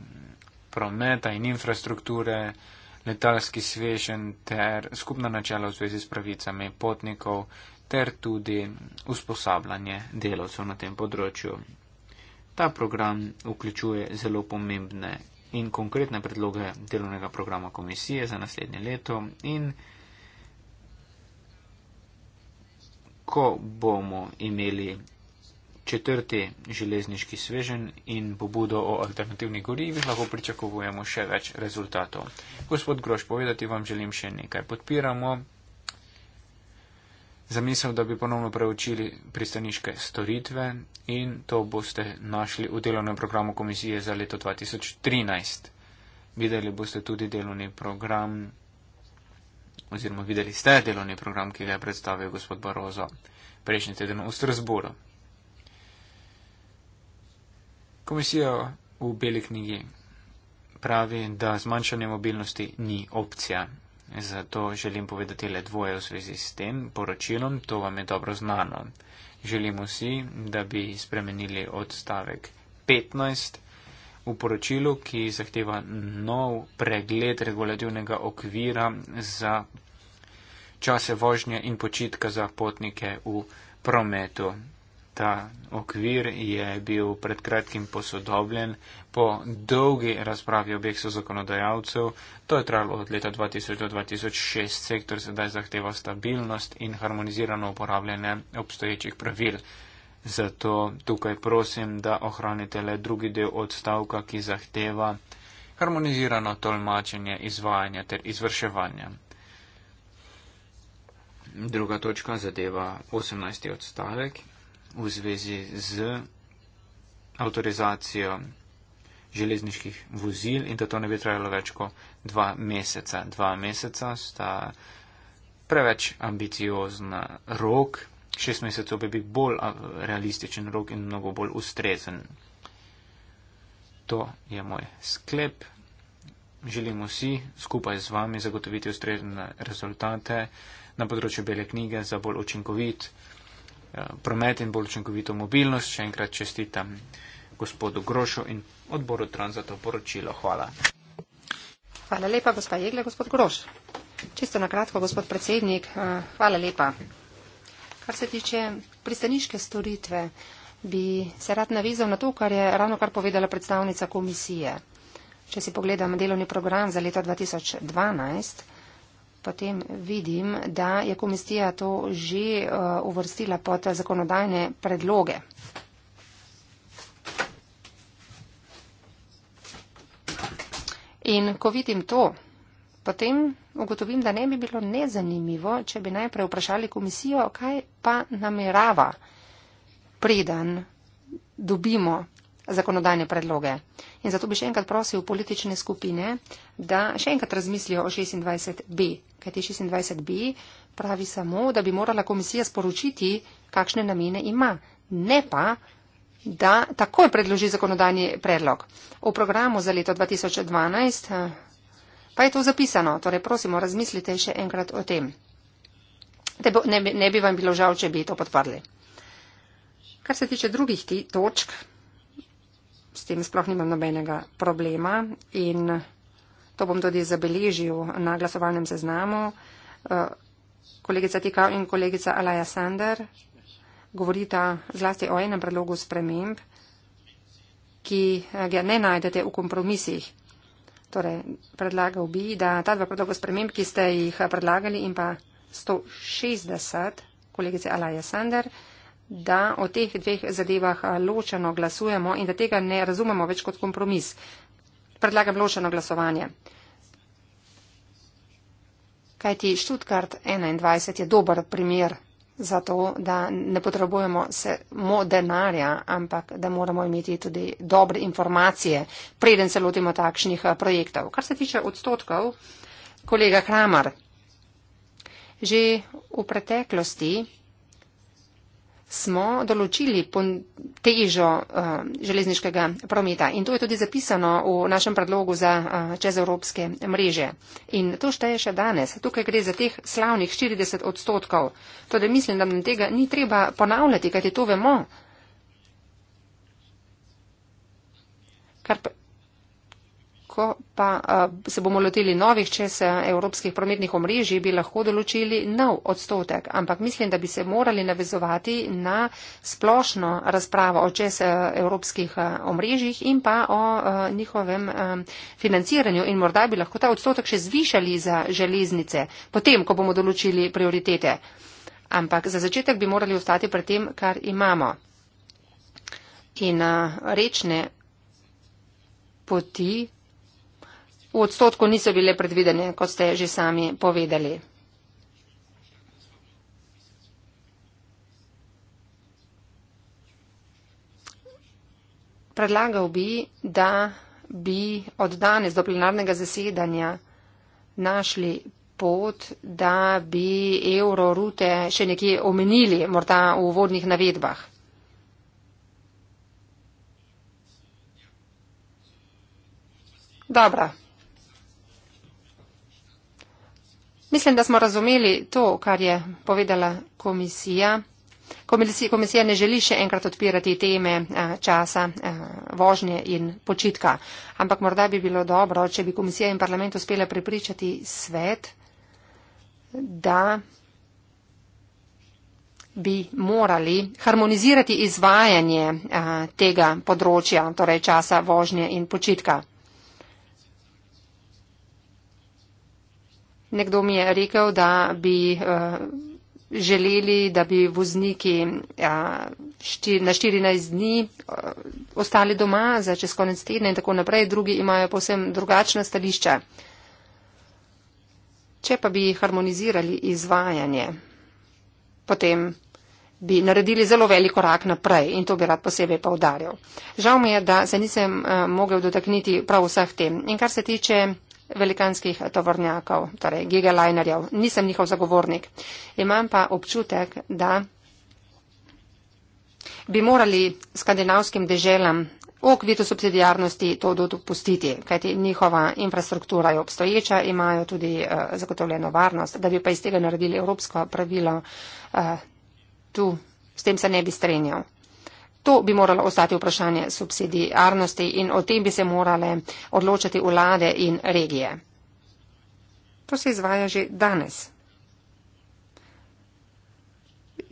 prometa in infrastrukture, letalski svežen ter skupna načela v zvezi s pravicami potnikov ter tudi usposabljanje delavcev na tem področju. Ta program vključuje zelo pomembne in konkretne predloge delovnega programa komisije za naslednje leto in ko bomo imeli četrti železniški svežen in pobudo o alternativnih gorivih, lahko pričakujemo še več rezultatov. Gospod Groš, povedati vam želim še nekaj. Podpiramo zamisel, da bi ponovno preučili pristaniške storitve in to boste našli v delovnem programu komisije za leto 2013. Videli boste tudi delovni program oziroma videli ste delovni program, ki ga je predstavil gospod Barozo prejšnji teden v Strasburu. Komisija v Beli knjigi pravi, da zmanjšanje mobilnosti ni opcija. Zato želim povedati le dvoje v zvezi s tem poročilom, to vam je dobro znano. Želimo si, da bi spremenili odstavek 15 v poročilu, ki zahteva nov pregled regulativnega okvira za čase vožnje in počitka za potnike v prometu. Ta okvir je bil pred kratkim posodobljen po dolgi razpravi obeh so zakonodajalcev. To je trajalo od leta 2000 do 2006. Sektor sedaj zahteva stabilnost in harmonizirano uporabljanje obstoječih pravil. Zato tukaj prosim, da ohranite le drugi del odstavka, ki zahteva harmonizirano tolmačenje izvajanja ter izvrševanja. Druga točka zadeva 18. odstavek v zvezi z avtorizacijo železniških vozil in da to ne bi trajalo več kot dva meseca. Dva meseca sta preveč ambiciozen rok, šest mesecev bi bil bolj realističen rok in mnogo bolj ustrezen. To je moj sklep. Želimo si skupaj z vami zagotoviti ustrezne rezultate na področju bele knjige za bolj učinkovit Eh, promet in bolj učinkovito mobilnost. Še enkrat čestitam gospodu Grošu in odboru Tron za to poročilo. Hvala. Hvala lepa, gospod Jegle, gospod Groš. Čisto na kratko, gospod predsednik, eh, hvala lepa. Kar se tiče pristaniške storitve, bi se rad navizal na to, kar je ravno kar povedala predstavnica komisije. Če si pogledam delovni program za leto 2012, potem vidim, da je komisija to že eh, uvrstila pod zakonodajne predloge. In ko vidim to, potem ugotovim, da ne bi bilo nezanimivo, če bi najprej vprašali komisijo, kaj pa namerava, preden dobimo zakonodajne predloge. In zato bi še enkrat prosil politične skupine, da še enkrat razmislijo o 26b, kajti 26b pravi samo, da bi morala komisija sporočiti, kakšne namene ima, ne pa, da takoj predloži zakonodajni predlog. V programu za leto 2012 eh, pa je to zapisano, torej prosimo, razmislite še enkrat o tem. Tebo, ne, ne bi vam bilo žal, če bi to podparli. Kar se tiče drugih ti točk, s tem sploh nimam nobenega problema in to bom tudi zabeležil na glasovalnem seznamu. Eh, kolegica Tikal in kolegica Alaja Sander govorita zlasti o enem predlogu sprememb, ki eh, ga ne najdete v kompromisih. Torej, predlagal bi, da ta dva predloga sprememb, ki ste jih predlagali in pa 160 kolegice Alaja Sander, da o teh dveh zadevah ločeno glasujemo in da tega ne razumemo več kot kompromis. Predlagam ločeno glasovanje. Kajti Študkart 21 je dober primer za to, da ne potrebujemo samo denarja, ampak da moramo imeti tudi dobre informacije, preden se lotimo takšnih projektov. Kar se tiče odstotkov, kolega Kramar, že v preteklosti smo določili težo eh, železniškega prometa. In to je tudi zapisano v našem predlogu za eh, čezevropske mreže. In to šteje še danes. Tukaj gre za teh slavnih 40 odstotkov. Torej mislim, da nam tega ni treba ponavljati, kajti to vemo. Kar pa ko pa se bomo lotili novih čez evropskih prometnih omrežij, bi lahko določili nov odstotek. Ampak mislim, da bi se morali navezovati na splošno razpravo o čez evropskih omrežjih in pa o njihovem financiranju. In morda bi lahko ta odstotek še zvišali za železnice, potem, ko bomo določili prioritete. Ampak za začetek bi morali ostati pri tem, kar imamo. In rečne poti v odstotku niso bile predvidene, kot ste že sami povedali. Predlagal bi, da bi od danes do plenarnega zasedanja našli pot, da bi evro rute še nekje omenili, morda v uvodnih navedbah. Dobro. Mislim, da smo razumeli to, kar je povedala komisija. Komisija ne želi še enkrat odpirati teme eh, časa eh, vožnje in počitka, ampak morda bi bilo dobro, če bi komisija in parlament uspela prepričati svet, da bi morali harmonizirati izvajanje eh, tega področja, torej časa vožnje in počitka. Nekdo mi je rekel, da bi eh, želeli, da bi vozniki ja, na 14 dni eh, ostali doma za čez konec tedna in tako naprej, drugi imajo povsem drugačna stališča. Če pa bi harmonizirali izvajanje, potem bi naredili zelo velik korak naprej in to bi rad posebej povdarjal. Žal mi je, da se nisem eh, mogel dotakniti prav vseh tem. In kar se tiče velikanskih tovornjakov, torej gigalinerjev. Nisem njihov zagovornik. Imam pa občutek, da bi morali skandinavskim deželam v okviru subsidijarnosti to dopustiti, kajti njihova infrastruktura je obstoječa, imajo tudi uh, zagotovljeno varnost, da bi pa iz tega naredili evropsko pravilo. Uh, tu s tem se ne bi strenjal. To bi moralo ostati vprašanje subsidijarnosti in o tem bi se morale odločati vlade in regije. To se izvaja že danes.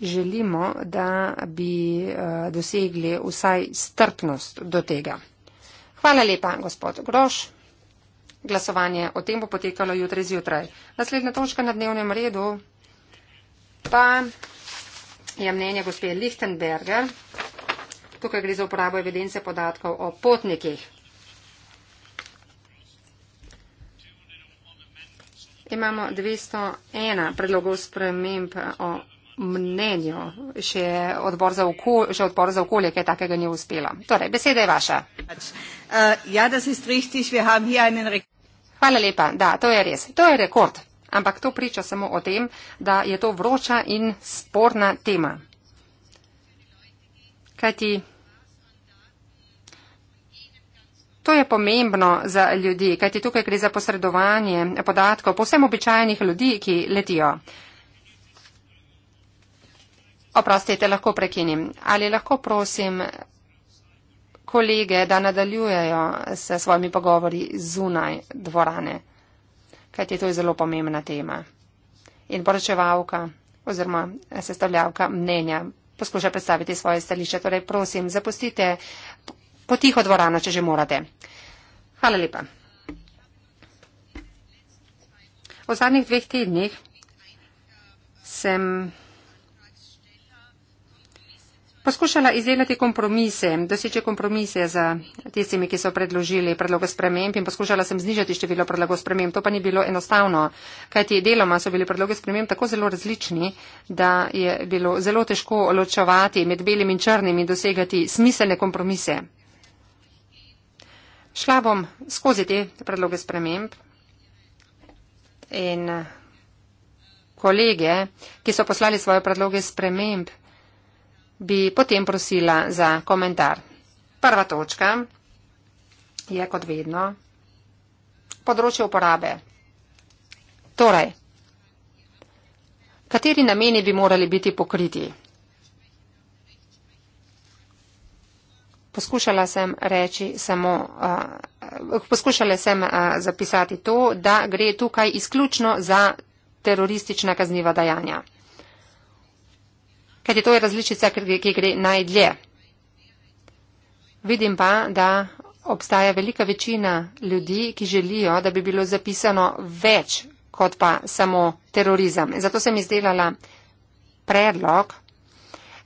Želimo, da bi eh, dosegli vsaj strpnost do tega. Hvala lepa, gospod Groš. Glasovanje o tem bo potekalo jutri zjutraj. Naslednja točka na dnevnem redu pa je mnenje gospe Lichtenberger. Tukaj gre za uporabo evidence podatkov o potnikih. Imamo 201 predlogov sprememb o mnenju. Še odbor za, okol še odbor za okolje, ki je takega ni uspelo. Torej, beseda je vaša. Uh, ja, Hvala lepa. Da, to je res. To je rekord. Ampak to priča samo o tem, da je to vroča in sporna tema. Kajti to je pomembno za ljudi, kajti tukaj gre za posredovanje podatkov povsem običajnih ljudi, ki letijo. Oprostite, lahko prekinim. Ali lahko prosim kolege, da nadaljujejo s svojimi pogovori zunaj dvorane, kajti to je zelo pomembna tema. In poročevalka oziroma sestavljavka mnenja poskuša predstaviti svoje stališče. Torej, prosim, zapustite potiho dvorano, če že morate. Hvala lepa. V zadnjih dveh tednih sem poskušala izdelati kompromise, doseči kompromise za tistimi, ki so predložili predloge sprememb in poskušala sem znižati število predlogov sprememb. To pa ni bilo enostavno, kajti deloma so bili predloge sprememb tako zelo različni, da je bilo zelo težko ločevati med belim in črnim in dosegati smiselne kompromise. Šla bom skozi te predloge sprememb in kolege, ki so poslali svoje predloge sprememb, bi potem prosila za komentar. Prva točka je kot vedno področje uporabe. Torej, kateri nameni bi morali biti pokriti? Poskušala sem reči samo, uh, poskušala sem uh, zapisati to, da gre tukaj izključno za teroristična kazniva dajanja ker je to različica, ki gre najdlje. Vidim pa, da obstaja velika večina ljudi, ki želijo, da bi bilo zapisano več kot pa samo terorizem. Zato sem izdelala predlog,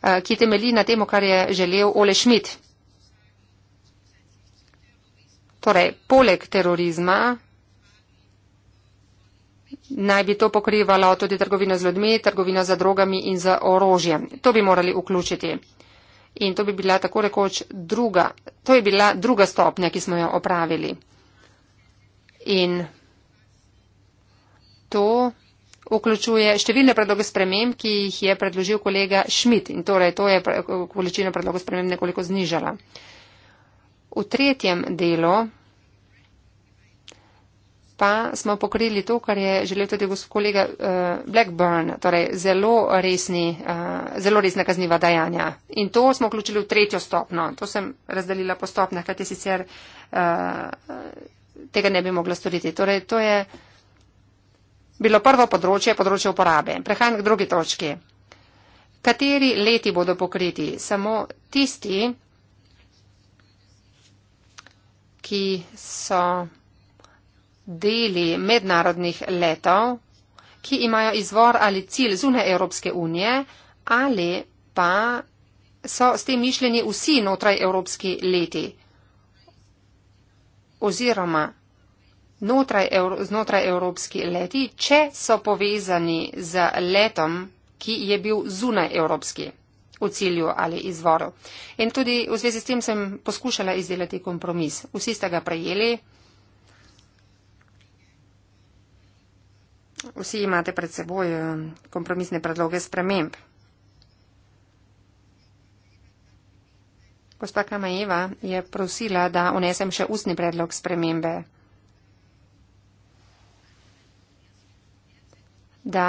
eh, ki temelji na temu, kar je želel Ole Schmidt. Torej, poleg terorizma naj bi to pokrivalo tudi trgovino z ljudmi, trgovino za drogami in za orožje. To bi morali vključiti. In to bi bila tako rekoč druga, to je bila druga stopnja, ki smo jo opravili. In to vključuje številne predloge sprememb, ki jih je predložil kolega Schmidt in torej to je količino predloge sprememb nekoliko znižala. V tretjem delu pa smo pokrili to, kar je želel tudi gospod kolega eh, Blackburn, torej zelo, resni, eh, zelo resna kazniva dajanja. In to smo vključili v tretjo stopno. To sem razdalila po stopnah, kajti sicer eh, tega ne bi mogla storiti. Torej, to je bilo prvo področje, področje uporabe. Prehajam k drugi točki. Kateri leti bodo pokriti? Samo tisti, ki so deli mednarodnih letov, ki imajo izvor ali cilj zune Evropske unije, ali pa so s tem mišljeni vsi notraj Evropski leti oziroma notraj, znotraj Evropski leti, če so povezani z letom, ki je bil zunaj Evropski v cilju ali izvoru. In tudi v zvezi s tem sem poskušala izdelati kompromis. Vsi ste ga prejeli. Vsi imate pred seboj eh, kompromisne predloge sprememb. Gospa Kamajeva je prosila, da unesem še ustni predlog spremembe, da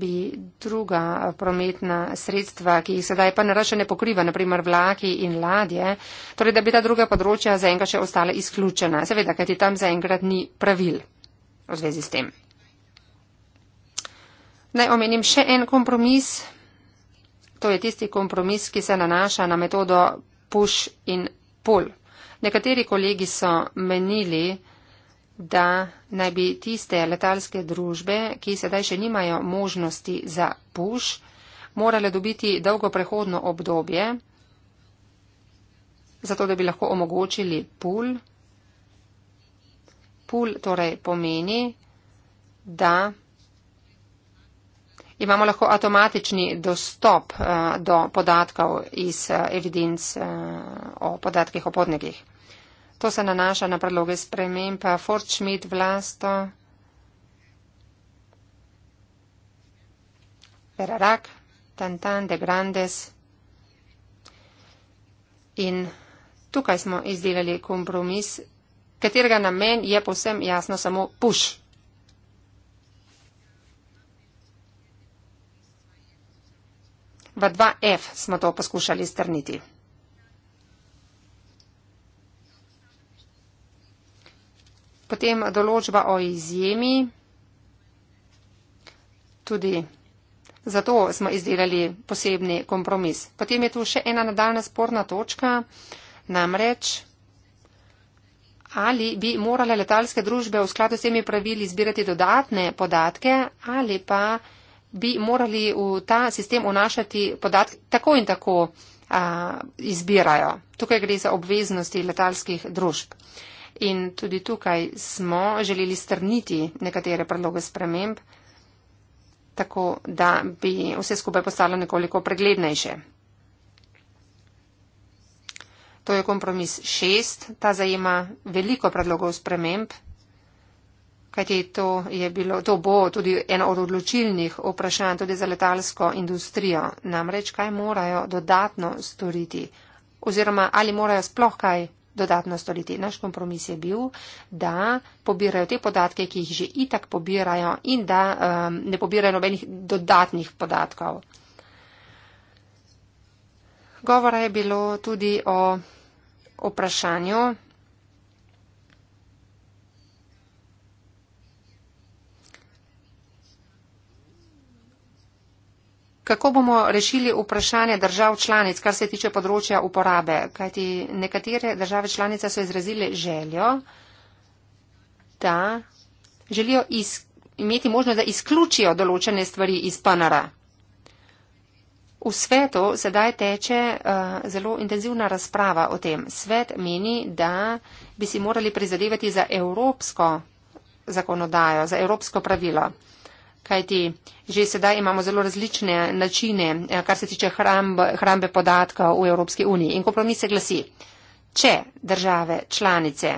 bi druga eh, prometna sredstva, ki jih sedaj pa naraša ne pokriva, naprimer vlaki in ladje, torej da bi ta druga področja zaenkrat še ostala izključena. Seveda, kajti tam zaenkrat ni pravil v zvezi s tem. Naj omenim še en kompromis. To je tisti kompromis, ki se nanaša na metodo push in pull. Nekateri kolegi so menili, da naj bi tiste letalske družbe, ki sedaj še nimajo možnosti za push, morale dobiti dolgo prehodno obdobje, zato da bi lahko omogočili pull. Pull torej pomeni, da imamo lahko avtomatični dostop eh, do podatkov iz eh, evidenc eh, o podatkih o podnegih. To se nanaša na predloge sprememb Fort Schmidt vlasto Verarak, Tantan, De Grandes in tukaj smo izdelali kompromis, katerega namen je povsem jasno samo push. V 2F smo to poskušali strniti. Potem določba o izjemi. Tudi zato smo izdelali posebni kompromis. Potem je tu še ena nadaljna sporna točka, namreč ali bi morale letalske družbe v skladu s temi pravili zbirati dodatne podatke ali pa bi morali v ta sistem vnašati podatke, tako in tako a, izbirajo. Tukaj gre za obveznosti letalskih družb. In tudi tukaj smo želeli strniti nekatere predloge sprememb, tako da bi vse skupaj postalo nekoliko preglednejše. To je kompromis šest, ta zajema veliko predlogov sprememb kajti to, bilo, to bo tudi eno od odločilnih vprašanj tudi za letalsko industrijo. Namreč, kaj morajo dodatno storiti oziroma ali morajo sploh kaj dodatno storiti. Naš kompromis je bil, da pobirajo te podatke, ki jih že itak pobirajo in da um, ne pobirajo nobenih dodatnih podatkov. Govora je bilo tudi o vprašanju, kako bomo rešili vprašanje držav članic, kar se tiče področja uporabe. Kajti nekatere države članice so izrazile željo, da želijo iz, imeti možnost, da izključijo določene stvari iz panara. V svetu sedaj teče uh, zelo intenzivna razprava o tem. Svet meni, da bi si morali prizadevati za evropsko zakonodajo, za evropsko pravilo kajti že sedaj imamo zelo različne načine, eh, kar se tiče hrambe, hrambe podatkov v Evropski uniji. In kompromis se glasi, če države članice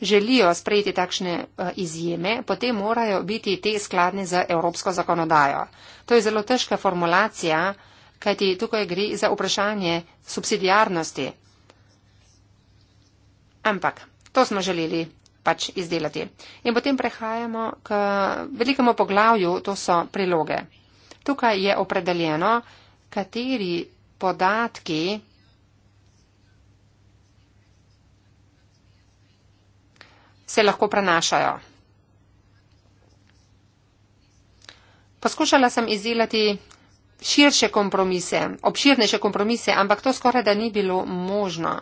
želijo sprejeti takšne eh, izjeme, potem morajo biti te skladne z evropsko zakonodajo. To je zelo težka formulacija, kajti tukaj gre za vprašanje subsidijarnosti. Ampak to smo želeli pač izdelati. In potem prehajamo k velikemu poglavju, to so priloge. Tukaj je opredeljeno, kateri podatki se lahko prenašajo. Poskušala sem izdelati širše kompromise, obširnejše kompromise, ampak to skoraj da ni bilo možno.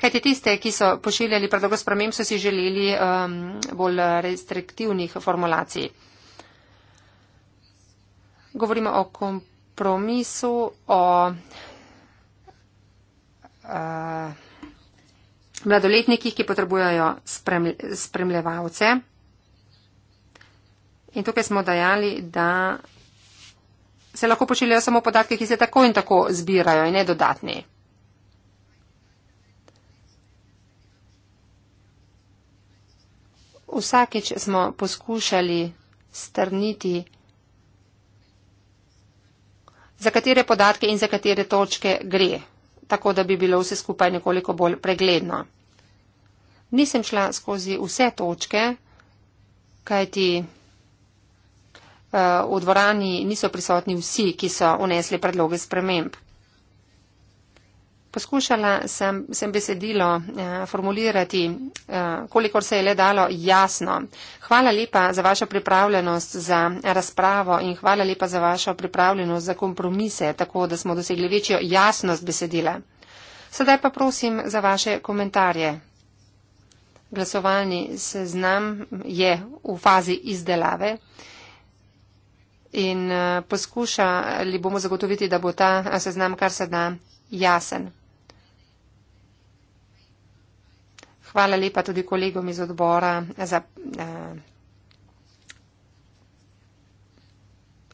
Kajti tiste, ki so pošiljali predlog sprememb, so si želeli um, bolj restriktivnih formulacij. Govorimo o kompromisu, o uh, mladoletnikih, ki potrebujejo spremlj, spremljevalce. In tukaj smo dajali, da se lahko pošiljajo samo podatke, ki se tako in tako zbirajo in ne dodatni. Vsakeč smo poskušali strniti, za katere podatke in za katere točke gre, tako da bi bilo vse skupaj nekoliko bolj pregledno. Nisem šla skozi vse točke, kajti eh, v dvorani niso prisotni vsi, ki so unesli predloge sprememb. Poskušala sem, sem besedilo eh, formulirati, eh, kolikor se je le dalo jasno. Hvala lepa za vašo pripravljenost za razpravo in hvala lepa za vašo pripravljenost za kompromise, tako da smo dosegli večjo jasnost besedila. Sedaj pa prosim za vaše komentarje. Glasovalni seznam je v fazi izdelave. In eh, poskušali bomo zagotoviti, da bo ta eh, seznam kar se da jasen. Hvala lepa tudi kolegom iz odbora za uh,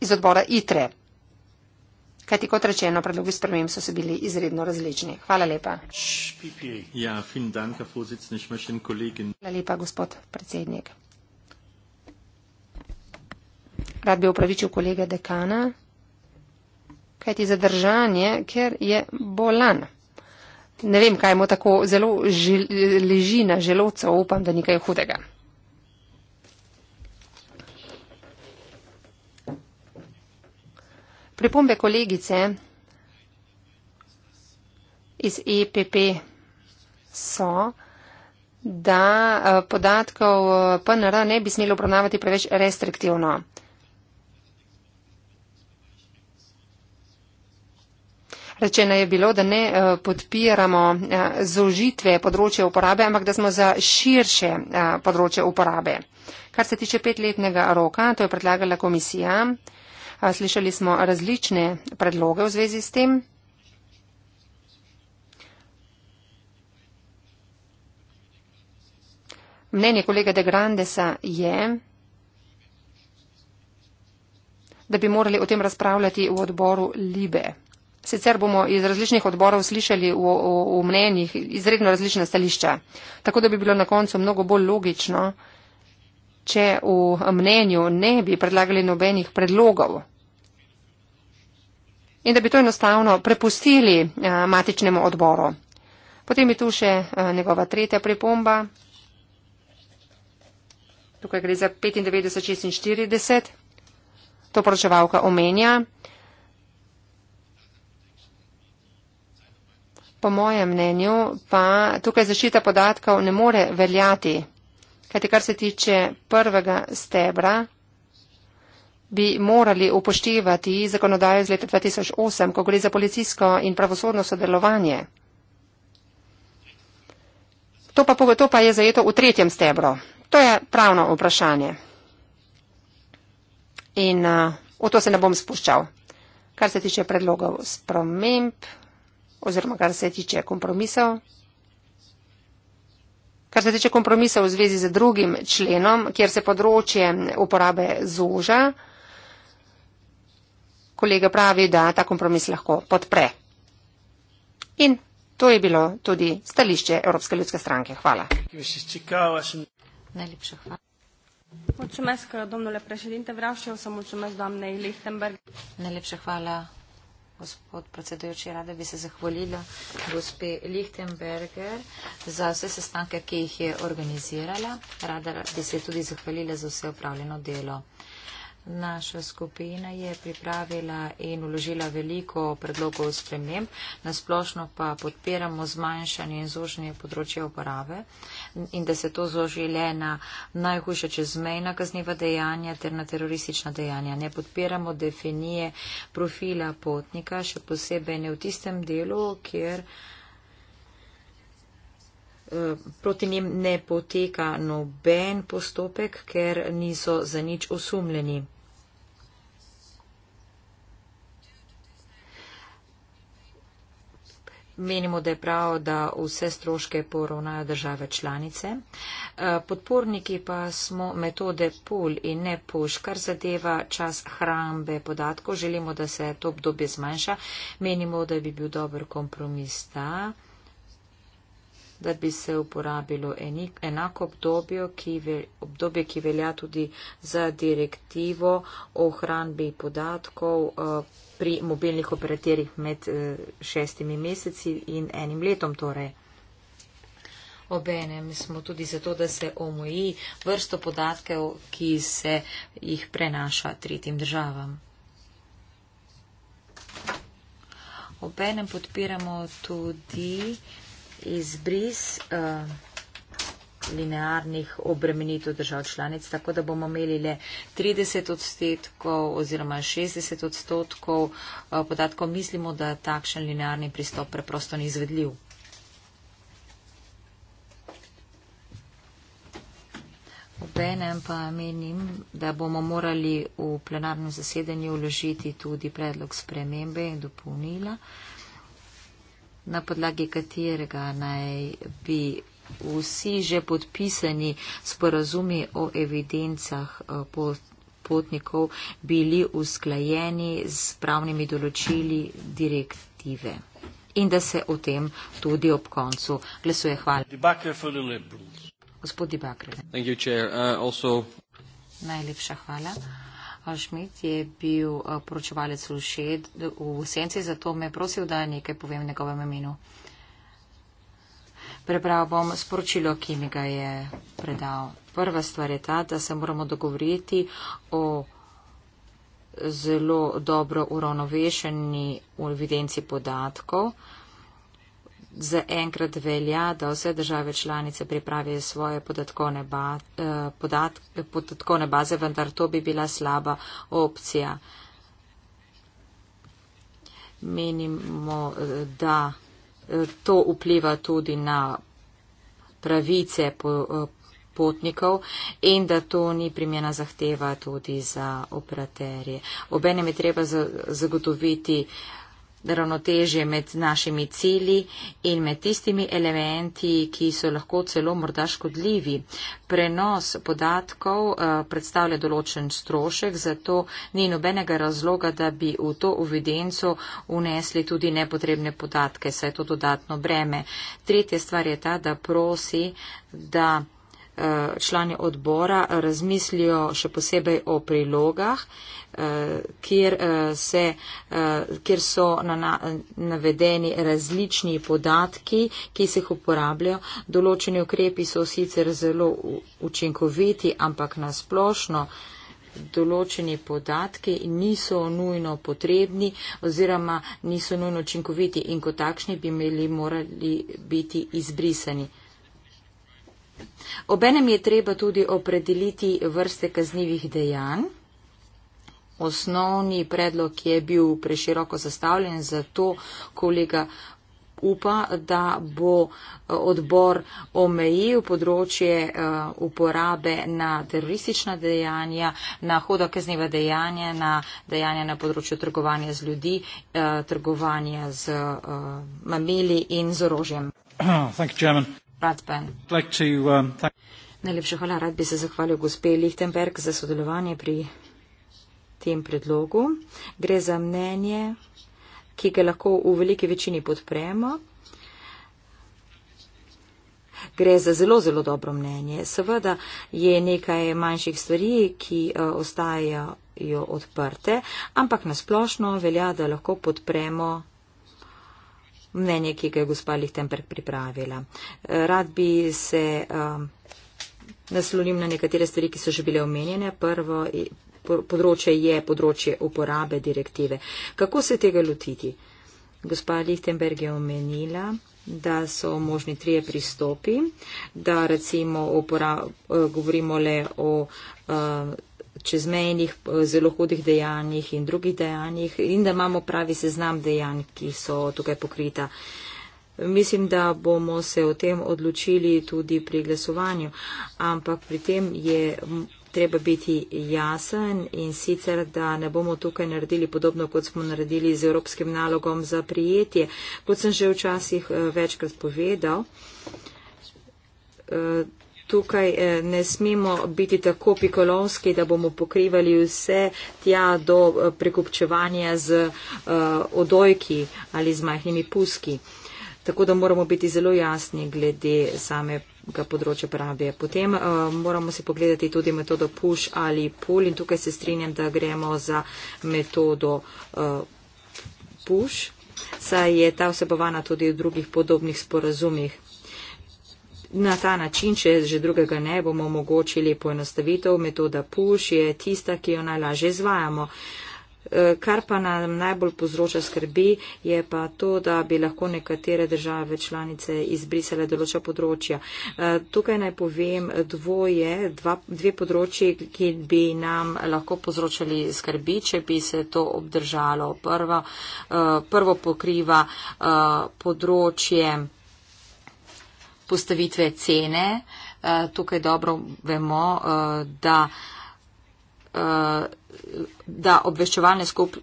iz odbora ITRE. Kajti kot rečeno, predlogi sprememb so se bili izredno različni. Hvala lepa. Ja, danke, Hvala lepa, gospod predsednik. Rad bi upravičil kolega dekana, kajti zadržanje, ker je bolan. Ne vem, kaj mu tako zelo žel, leži na želodcu, upam, da ni kaj hudega. Pripombe kolegice iz EPP so, da eh, podatkov eh, PNR ne bi smeli obravnavati preveč restriktivno. Rečeno je bilo, da ne eh, podpiramo eh, zožitve področja uporabe, ampak da smo za širše eh, področje uporabe. Kar se tiče petletnega roka, to je predlagala komisija. Slišali smo različne predloge v zvezi s tem. Mnenje kolega De Grandesa je, da bi morali o tem razpravljati v odboru Libe. Sicer bomo iz različnih odborov slišali v, v, v mnenjih izredno različna stališča. Tako da bi bilo na koncu mnogo bolj logično, če v mnenju ne bi predlagali nobenih predlogov. In da bi to enostavno prepustili a, eh, matičnemu odboru. Potem je tu še a, eh, njegova tretja pripomba. Tukaj gre za 95-46. To poročevalka omenja. po mojem mnenju, pa tukaj zašita podatkov ne more veljati. Kajti kar se tiče prvega stebra, bi morali upoštevati zakonodajo iz leta 2008, ko gre za policijsko in pravosodno sodelovanje. To pa, to pa je zajeto v tretjem stebru. To je pravno vprašanje. In uh, v to se ne bom spuščal. Kar se tiče predlogov spremenb, oziroma kar se tiče kompromisov. Kar se tiče kompromisa v zvezi z drugim členom, kjer se področje uporabe zoža, kolega pravi, da ta kompromis lahko podpre. In to je bilo tudi stališče Evropske ljudske stranke. Hvala. Najlepša hvala gospod predsedujoči, rada bi se zahvalila gospe Lichtenberger za vse sestanke, ki jih je organizirala. Rada bi se tudi zahvalila za vse upravljeno delo. Naša skupina je pripravila in uložila veliko predlogov spremem, nasplošno pa podpiramo zmanjšanje in zožnje področja uporabe in da se to zoži le na najhujša čezmejna kazniva dejanja ter na teroristična dejanja. Ne podpiramo definije profila potnika, še posebej ne v tistem delu, kjer. Eh, proti njim ne poteka noben postopek, ker niso za nič osumljeni. Menimo, da je prav, da vse stroške poravnajo države članice. Eh, podporniki pa smo metode pul in ne puš, kar zadeva čas hrambe podatkov. Želimo, da se to obdobje zmanjša. Menimo, da bi bil dober kompromis ta da bi se uporabilo enako obdobje, ki, vel, obdobje, ki velja tudi za direktivo o hranbi podatkov eh, pri mobilnih operaterjih med eh, šestimi meseci in enim letom. Torej. Obenem smo tudi zato, da se omoji vrsto podatkov, ki se jih prenaša tretjim državam. Obenem podpiramo tudi izbris uh, linearnih obremenitev držav članic, tako da bomo imeli le 30 odstotkov oziroma 60 odstotkov uh, podatkov. Mislimo, da takšen linearni pristop preprosto ni izvedljiv. Obenem pa menim, da bomo morali v plenarnem zasedanju vložiti tudi predlog spremembe in dopolnila. Uh, na podlagi katerega naj bi vsi že podpisani sporazumi o evidencah eh, potnikov bili usklajeni s pravnimi določili direktive in da se o tem tudi ob koncu glasuje. Hvala. Gospod Dibakre. Uh, Najlepša hvala. Schmidt je bil eh, poročevalec v, šed, v senci, zato me prosil, da nekaj povem njegovem imenu. Prebral bom sporočilo, ki mi ga je predal. Prva stvar je ta, da se moramo dogovoriti o zelo dobro uravnovešeni evidenci podatkov. Uh, za enkrat velja, da vse države članice pripravijo svoje podatkovne, ba, eh, podat, podatkovne baze, vendar to bi bila slaba opcija. Menimo, eh, da eh, to vpliva tudi na pravice potnikov in da to ni primjena zahteva tudi za operaterje. Obenem je treba zagotoviti uh, ravnotežje med našimi cili in med tistimi elementi, ki so lahko celo morda škodljivi. Prenos podatkov eh, predstavlja določen strošek, zato ni nobenega razloga, da bi v to uvidenco unesli tudi nepotrebne podatke, saj je to dodatno breme. Tretja stvar je ta, da prosi, da Eh, člani odbora razmislijo še posebej o prilogah, eh, kjer, eh, se, kjer so navedeni različni podatki, ki se jih uporabljajo. Določeni ukrepi so sicer zelo učinkoviti, ampak nasplošno določeni podatki niso nujno potrebni oziroma niso nujno učinkoviti in kot takšni bi imeli morali biti izbrisani. Obenem je treba tudi opredeliti vrste kaznjivih dejanj. Osnovni predlog je bil preširoko zastavljen, zato kolega upa, da bo eh, odbor omejil področje eh, uporabe na teroristična dejanja, na hoda kazniva dejanja, na dejanja na področju trgovanja z ljudi, eh, trgovanja z mamili in z orožjem. Oh, Bratben. Um, Najlepša hvala, rad bi se zahvalil gospe Lichtenberg za sodelovanje pri tem predlogu. Gre za mnenje, ki ga lahko v veliki večini podpremo. Gre za zelo, zelo dobro mnenje. Seveda je nekaj manjših stvari, ki eh, ostajajo odprte, ampak nasplošno velja, da lahko podpremo mnenje, ki ga je gospa Lihtenberg pripravila. Eh, rad bi se eh, naslonil na nekatere stvari, ki so že bile omenjene. Prvo področje je področje uporabe direktive. Kako se tega lotiti? Gospa Lihtenberg je omenila da so možni trije pristopi, da recimo upora, eh, govorimo le o čezmejnih eh, zelo hudih dejanjih in drugih dejanjih in da imamo pravi seznam dejanj, ki so tukaj pokrita. Mislim, da bomo se o tem odločili tudi pri glasovanju, ampak pri tem je treba biti jasen in sicer, da ne bomo tukaj naredili podobno, kot smo naredili z evropskim nalogom za prijetje. Kot sem že včasih eh, večkrat povedal, eh, tukaj eh, ne smemo biti tako pikolonski, da bomo pokrivali vse tja do eh, prekupčevanja z eh, odojki ali z majhnimi puski. Tako da moramo biti zelo jasni glede same ga področje pravije. Potem uh, moramo si pogledati tudi metodo push ali pull in tukaj se strinjam, da gremo za metodo uh, push, saj je ta vsebovana tudi v drugih podobnih sporazumih na ta način, če že drugega ne, bomo omogočili poenostavitev. Metoda push je tista, ki jo najlažje izvajamo. E, kar pa nam najbolj povzroča skrbi, je pa to, da bi lahko nekatere države članice izbrisale določa področja. E, tukaj naj povem dvoje, dva, dve področji, ki bi nam lahko povzročali skrbi, če bi se to obdržalo. Prvo, e, prvo pokriva področje postavitve cene. Eh, tukaj dobro vemo, eh, da, eh, da obveščevalne, skup,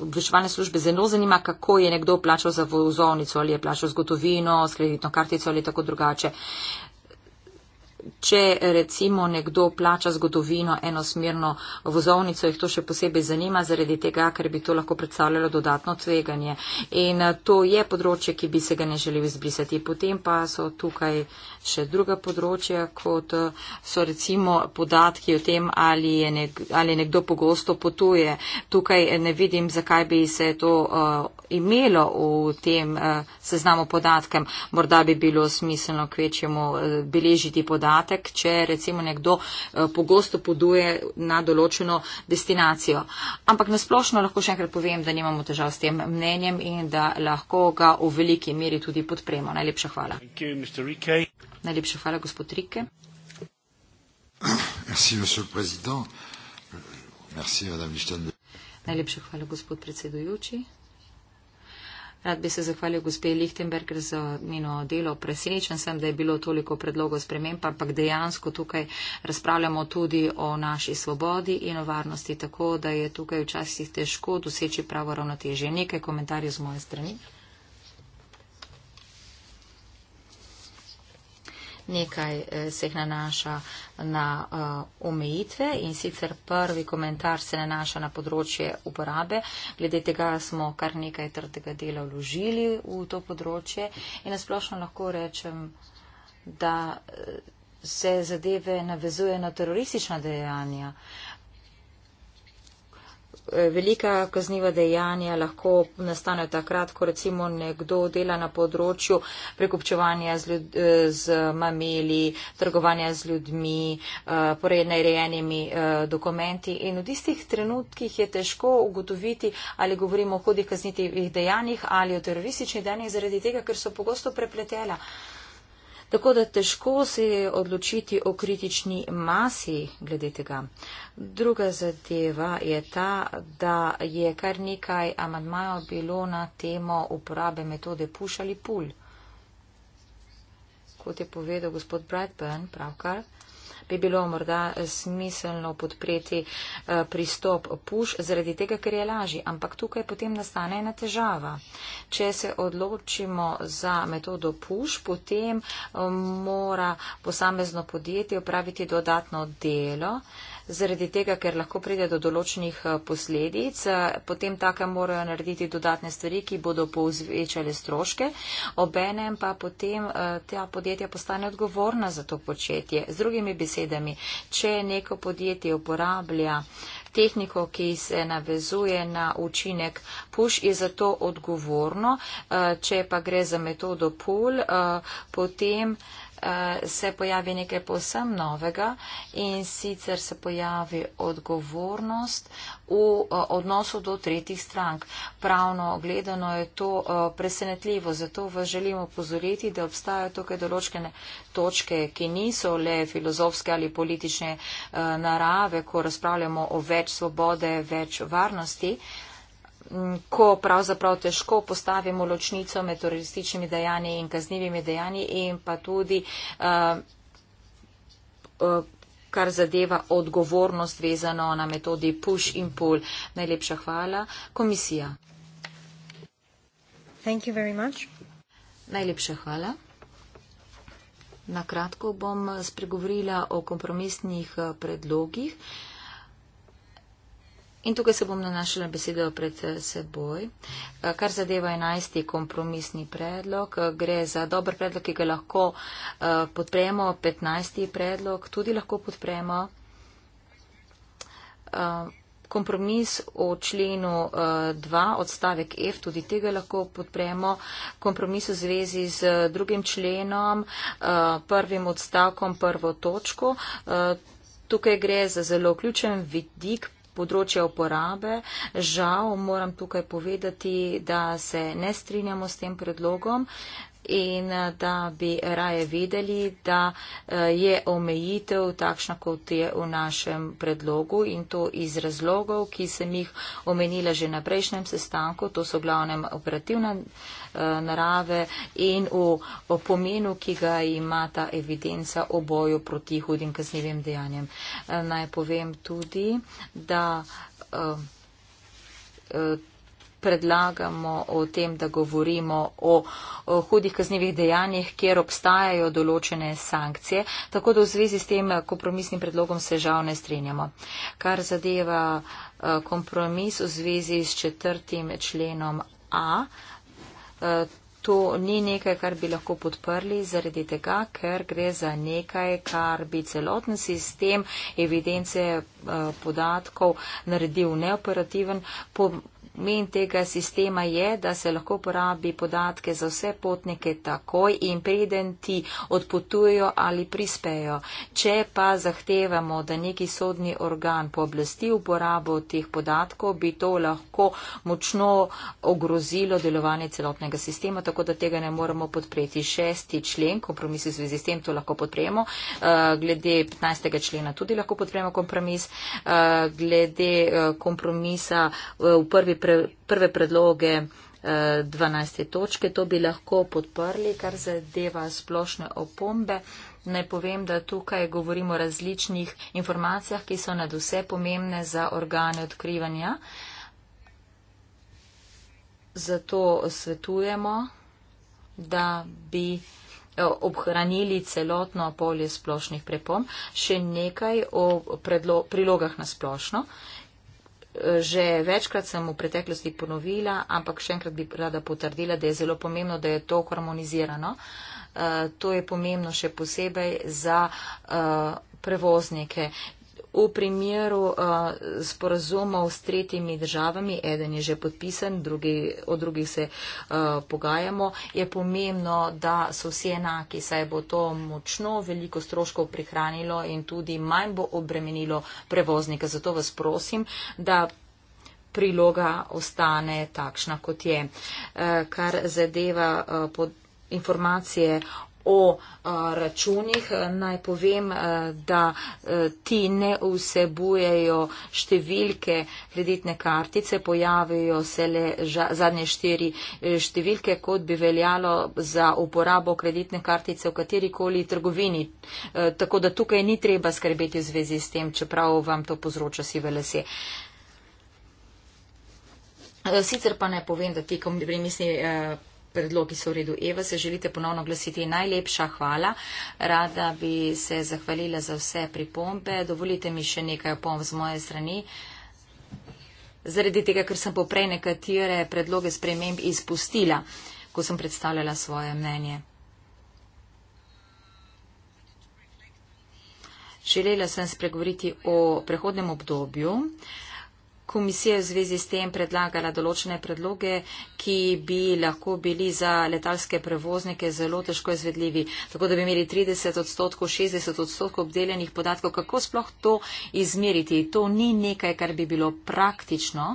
obveščevalne službe zelo zanima, kako je nekdo plačal za vozovnico, ali je plačal z gotovino, s kreditno kartico ali tako drugače če recimo nekdo plača zgodovino enosmerno vozovnico, jih to še posebej zanima zaradi tega, ker bi to lahko predstavljalo dodatno tveganje. In eh, to je področje, ki bi se ga ne želeli izbrisati. Potem pa so tukaj še druga področja, kot eh, so recimo podatki o tem, ali, je nek, ali nekdo pogosto potuje. Tukaj eh, ne vidim, zakaj bi se to uh, imelo v tem uh, seznamu podatkem. Morda bi bilo smiselno kvečjemu uh, beležiti podatke podatek, če recimo nekdo eh, pogosto poduje na določeno destinacijo. Ampak nasplošno lahko še enkrat povem, da nimamo težav s tem mnenjem in da lahko ga v veliki meri tudi podpremo. Najlepša hvala. Najlepša hvala, gospod Rike. Merci, Najlepša hvala, gospod predsedujoči. Rad bi se zahvalil gospe Lichtenberger za njeno delo. Presenečen sem, da je bilo toliko predlogov sprememb, ampak dejansko tukaj razpravljamo tudi o naši svobodi in o varnosti, tako da je tukaj včasih težko doseči pravo ravnotežje. Nekaj komentarjev z moje strani. nekaj eh, se jih nanaša na eh, omejitve in sicer prvi komentar se nanaša na področje uporabe. Glede tega smo kar nekaj trdega dela vložili v to področje in nasplošno lahko rečem, da eh, se zadeve navezuje na teroristična dejanja. Uh, velika kazniva dejanja lahko nastanejo takrat, ko recimo nekdo dela na področju prekupčevanja z, ljud, z mameli, trgovanja z ljudmi, torej eh, najrejenimi eh, dokumenti. In v tistih trenutkih je težko ugotoviti, ali govorimo o hudih kaznitivih dejanjih ali o terorističnih dejanjih zaradi tega, ker so pogosto prepletela. Tako da težko se je odločiti o kritični masi glede tega. Druga zadeva je ta, da je kar nekaj amadmajo bilo na temo uporabe metode puš ali pul. Kot je povedal gospod Bradburn pravkar, bi bilo morda eh, smiselno podpreti eh, pristop puš, zaradi tega, ker je lažji. Ampak tukaj potem nastane ena težava. Če se odločimo za metodo puš, potem eh, mora posamezno podjetje upraviti dodatno delo zaradi tega, ker lahko pride do določenih eh, posledic. Eh, potem takem morajo narediti dodatne stvari, ki bodo povzvečale stroške. Obenem pa potem eh, ta podjetja postane odgovorna za to početje. Z drugimi besedami, če neko podjetje uporablja tehniko, ki se navezuje na učinek push, je zato odgovorno. Če pa gre za metodo pull, potem uh, se pojavi nekaj posem novega in sicer se pojavi odgovornost v uh, odnosu do tretjih strank. Pravno gledano je to uh, presenetljivo, zato vas želim opozoriti, da obstajajo tukaj določene točke, ki niso le filozofske ali politične uh, narave, ko razpravljamo o več svobode, več varnosti. Uh, ko pravzaprav težko postavimo ločnico med terorističnimi dejanji in kaznivimi dejanji in pa tudi, uh, kar zadeva odgovornost vezano na metodi push in pull. Najlepša hvala. Komisija. Thank you very much. Najlepša hvala. Na kratko bom spregovorila o kompromisnih predlogih. Uh, In tukaj se bom nanašala besedo pred eh, seboj. Eh, kar zadeva 11. kompromisni predlog, eh, gre za dober predlog, ki ga lahko podpremo, 15. predlog tudi lahko podpremo. Kompromis o členu 2 odstavek F, tudi tega lahko podpremo. Kompromis v zvezi z drugim členom, prvim odstavkom, prvo točko. Tukaj gre za zelo ključen vidik področja uporabe. Žal moram tukaj povedati, da se ne strinjamo s tem predlogom in eh, da bi raje vedeli, da eh, je omejitev takšna, kot je v našem predlogu in to iz razlogov, ki sem jih omenila že na prejšnjem sestanku, to so glavnem operativne eh, narave in v pomenu, ki ga ima ta evidenca o boju proti hudim kaznivim dejanjem. Naj povem tudi, da predlagamo o tem, da govorimo o, o hudih kaznjivih dejanjih, kjer obstajajo določene sankcije. Tako da v zvezi s tem eh, kompromisnim predlogom se žal ne strinjamo. Kar zadeva eh, kompromis v zvezi s četrtim členom A, eh, to ni nekaj, kar bi lahko podprli zaradi tega, ker gre za nekaj, kar bi celoten sistem evidence podatkov naredil neoperativen, Min tega sistema je, da se lahko porabi podatke za vse potnike takoj in preden ti odpotujo ali prispejo. Če pa zahtevamo, da neki sodni organ pooblasti uporabo teh podatkov, bi to lahko močno ogrozilo delovanje celotnega sistema, tako da tega ne moramo podpreti. Šesti člen, kompromis v zvezi s tem, to lahko podpremo. Eh, glede 15. člena tudi lahko podpremo kompromis. Eh, glede eh, kompromisa v prvi pre, prve predloge eh, 12. točke. To bi lahko podprli, kar zadeva splošne opombe. Ne povem, da tukaj govorimo o različnih informacijah, ki so nad vse pomembne za organe odkrivanja. Zato svetujemo, da bi eh, obhranili celotno polje splošnih prepom. Še nekaj o prilogah na splošno že večkrat sem v preteklosti ponovila, ampak še enkrat bi rada potrdila, da je zelo pomembno, da je to harmonizirano. Eh, to je pomembno še posebej za eh, prevoznike. V primeru uh, sporazumov s tretjimi državami, eden je že podpisan, drugi, o drugih se uh, pogajamo, je pomembno, da so vsi enaki, saj bo to močno veliko stroškov prihranilo in tudi manj bo obremenilo prevoznika. Zato vas prosim, da priloga ostane takšna, kot je. Uh, kar zadeva uh, pod. Informacije o računih. Naj povem, da ti ne vsebujejo številke kreditne kartice, pojavijo se le zadnje štiri e, številke, kot bi veljalo za uporabo kreditne kartice v katerikoli trgovini. E, tako da tukaj ni treba skrbeti v zvezi s tem, čeprav vam to povzroča si velese. E, sicer pa ne povem, da ti, ko mi misli, predlogi so v redu. Eva, se želite ponovno glasiti. Najlepša hvala. Rada bi se zahvalila za vse pripombe. Dovolite mi še nekaj opomb z moje strani. Zaradi tega, ker sem poprej nekatere predloge sprememb izpustila, ko sem predstavljala svoje mnenje. Želela sem spregovoriti o prehodnem obdobju komisija v zvezi s tem predlagala določene predloge, ki bi lahko bili za letalske prevoznike zelo težko izvedljivi. Tako da bi imeli 30 odstotkov, 60 odstotkov obdeljenih podatkov. Kako sploh to izmeriti? To ni nekaj, kar bi bilo praktično.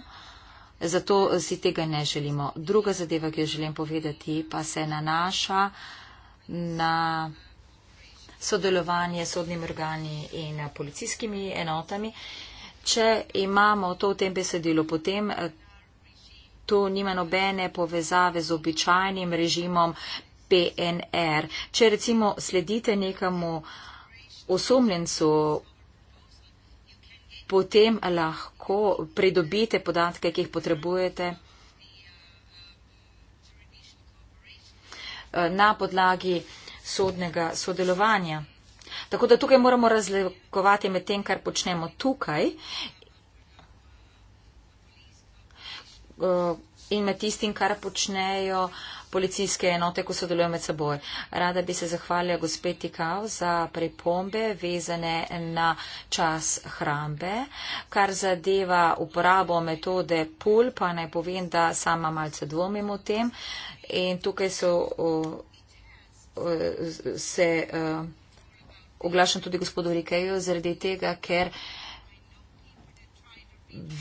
Zato si tega ne želimo. Druga zadeva, ki jo želim povedati, pa se nanaša na sodelovanje s sodnimi organi in policijskimi enotami če imamo to v tem besedilu, potem eh, to nima nobene povezave z običajnim režimom PNR. Če recimo sledite nekemu osumljencu, potem lahko pridobite podatke, ki jih potrebujete. Eh, na podlagi sodnega sodelovanja. Tako da tukaj moramo razlikovati med tem, kar počnemo tukaj eh, in med tistim, kar počnejo policijske enote, ko sodelujo med seboj. Rada bi se zahvalila gospeti Kav za pripombe vezane na čas hrambe. Kar zadeva uporabo metode PUL, pa naj povem, da sama malce dvomim o tem. In tukaj so eh, eh, se. Uh, oglašam tudi gospodu Rikeju zaradi tega, ker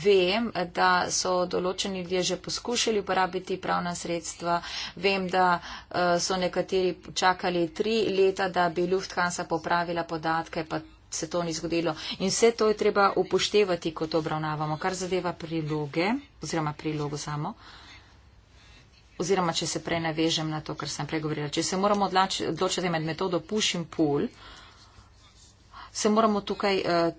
vem, da so določeni ljudje že poskušali uporabiti pravna sredstva. Vem, da eh, so nekateri čakali tri leta, da bi Lufthansa popravila podatke, pa se to ni zgodilo. In vse to je treba upoštevati, ko to obravnavamo, kar zadeva priloge oziroma prilogo samo. Oziroma, če se prej navežem na to, kar sem pregovorila. Če se moramo odločiti med metodo push in pull, se moramo tukaj uh,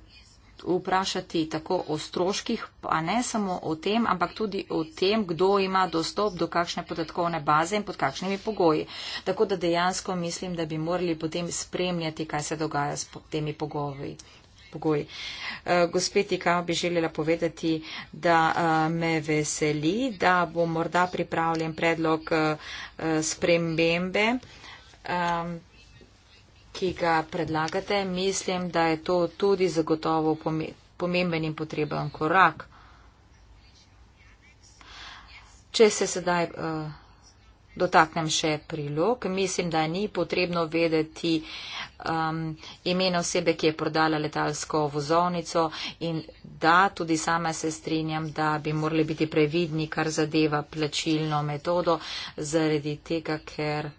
vprašati tako o stroških, pa ne samo o tem, ampak tudi o tem, kdo ima dostop do kakšne podatkovne baze in pod kakšnimi pogoji. Tako da dejansko mislim, da bi morali potem spremljati, kaj se dogaja s temi pogovi. Pogoj. Eh, gospe Tika bi želela povedati, da eh, me veseli, da bo morda pripravljen predlog spremembe. Ehm, ki ga predlagate, mislim, da je to tudi zagotovo pomemben in potreben korak. Če se sedaj uh, dotaknem še prilog, mislim, da ni potrebno vedeti um, imena osebe, ki je prodala letalsko vozovnico in da tudi sama se strinjam, da bi morali biti previdni, kar zadeva plačilno metodo, zaradi tega, ker.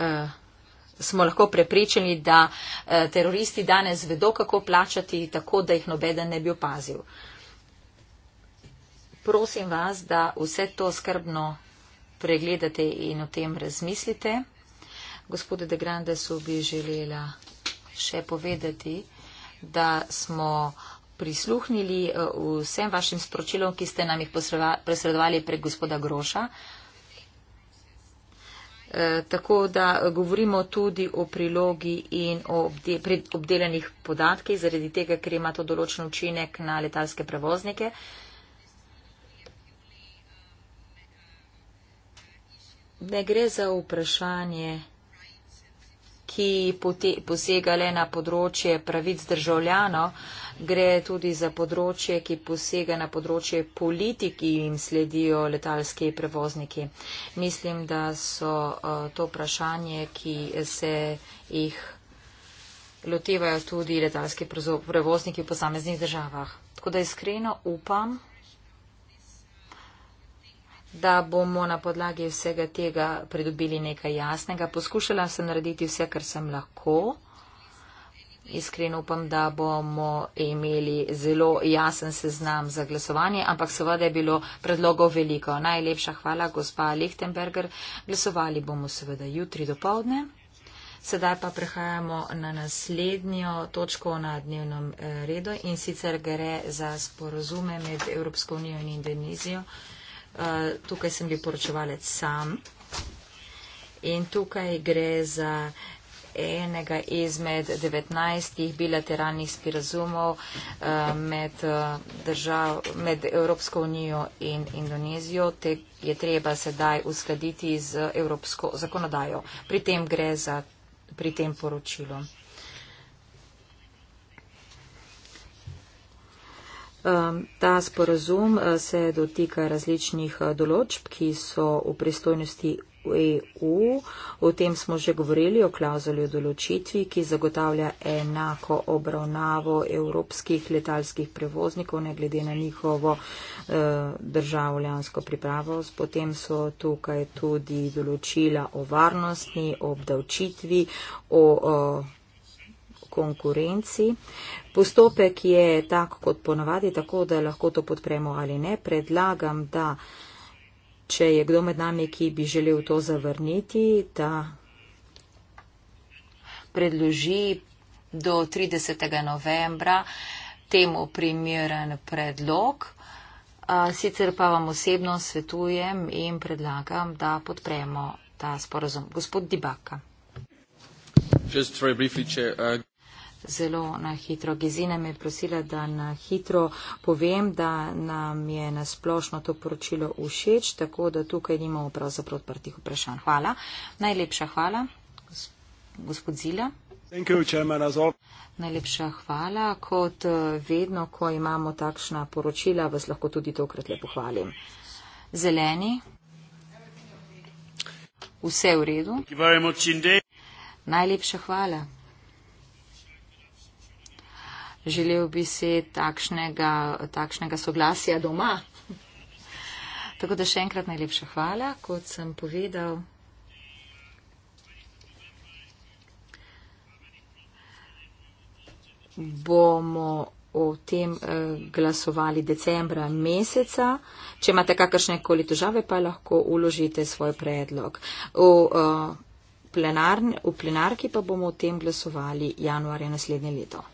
Eh, smo lahko prepričani, da eh, teroristi danes vedo, kako plačati, tako da jih nobeden ne bi opazil. Prosim vas, da vse to skrbno pregledate in o tem razmislite. Gospode De Grandesu bi želela še povedati, da smo prisluhnili eh, vsem vašim sporočilom, ki ste nam jih posredovali prek gospoda Groša. Eh, tako da govorimo tudi o prilogi in o obdelanih podatkih, zaradi tega, ker ima to določen učinek na letalske prevoznike. Ne gre za vprašanje ki posega le na področje pravic državljano, gre tudi za področje, ki posega na področje politik, ki jim sledijo letalski prevozniki. Mislim, da so eh, to vprašanje, ki se jih lotevajo tudi letalski prevozniki v posameznih državah. Tako da iskreno upam, da bomo na podlagi vsega tega pridobili nekaj jasnega. Poskušala sem narediti vse, kar sem lahko. Iskreno upam, da bomo imeli zelo jasen seznam za glasovanje, ampak seveda je bilo predlogov veliko. Najlepša hvala, gospa Lichtenberger. Glasovali bomo seveda jutri do povdne. Sedaj pa prehajamo na naslednjo točko na dnevnem eh, redu in sicer gre za sporozume med Evropsko unijo in Indonezijo. Eh, tukaj sem bil poročevalec sam in tukaj gre za enega izmed 19 bilateralnih sporazumov uh, med, uh, držav, med Evropsko unijo in Indonezijo. Te je treba sedaj uskladiti z evropsko zakonodajo. Pri tem gre za pri tem poročilu. Ta sporazum eh, se dotika različnih eh, določb, ki so v pristojnosti EU. O tem smo že govorili, o klauzuli o določitvi, ki zagotavlja enako obravnavo evropskih letalskih prevoznikov, ne glede na njihovo eh, državljansko pripravo. Potem so tukaj tudi določila o varnostni, o obdavčitvi, o. o konkurenci. Postopek je tak, kot ponavadi, tako da lahko to podpremo ali ne. Predlagam, da če je kdo med nami, ki bi želel to zavrniti, da predloži do 30. novembra temu primeren predlog. Sicer pa vam osebno svetujem in predlagam, da podpremo ta sporozum. Gospod Dibaka zelo na hitro. Gizina me je prosila, da na hitro povem, da nam je nasplošno to poročilo všeč, tako da tukaj nimamo pravzaprav odprtih vprašanj. Hvala. Najlepša hvala, gospod Zila. Najlepša hvala. Kot vedno, ko imamo takšna poročila, vas lahko tudi tokrat lepo hvalim. Zeleni. Vse v redu. Najlepša hvala želel bi si takšnega, takšnega soglasja doma. Tako da še enkrat najlepša hvala, kot sem povedal. Bomo o tem eh, glasovali decembra meseca. Če imate kakršne koli težave, pa lahko uložite svoj predlog. V, uh, eh, plenar, v plenarki pa bomo o tem glasovali januarja naslednje leto.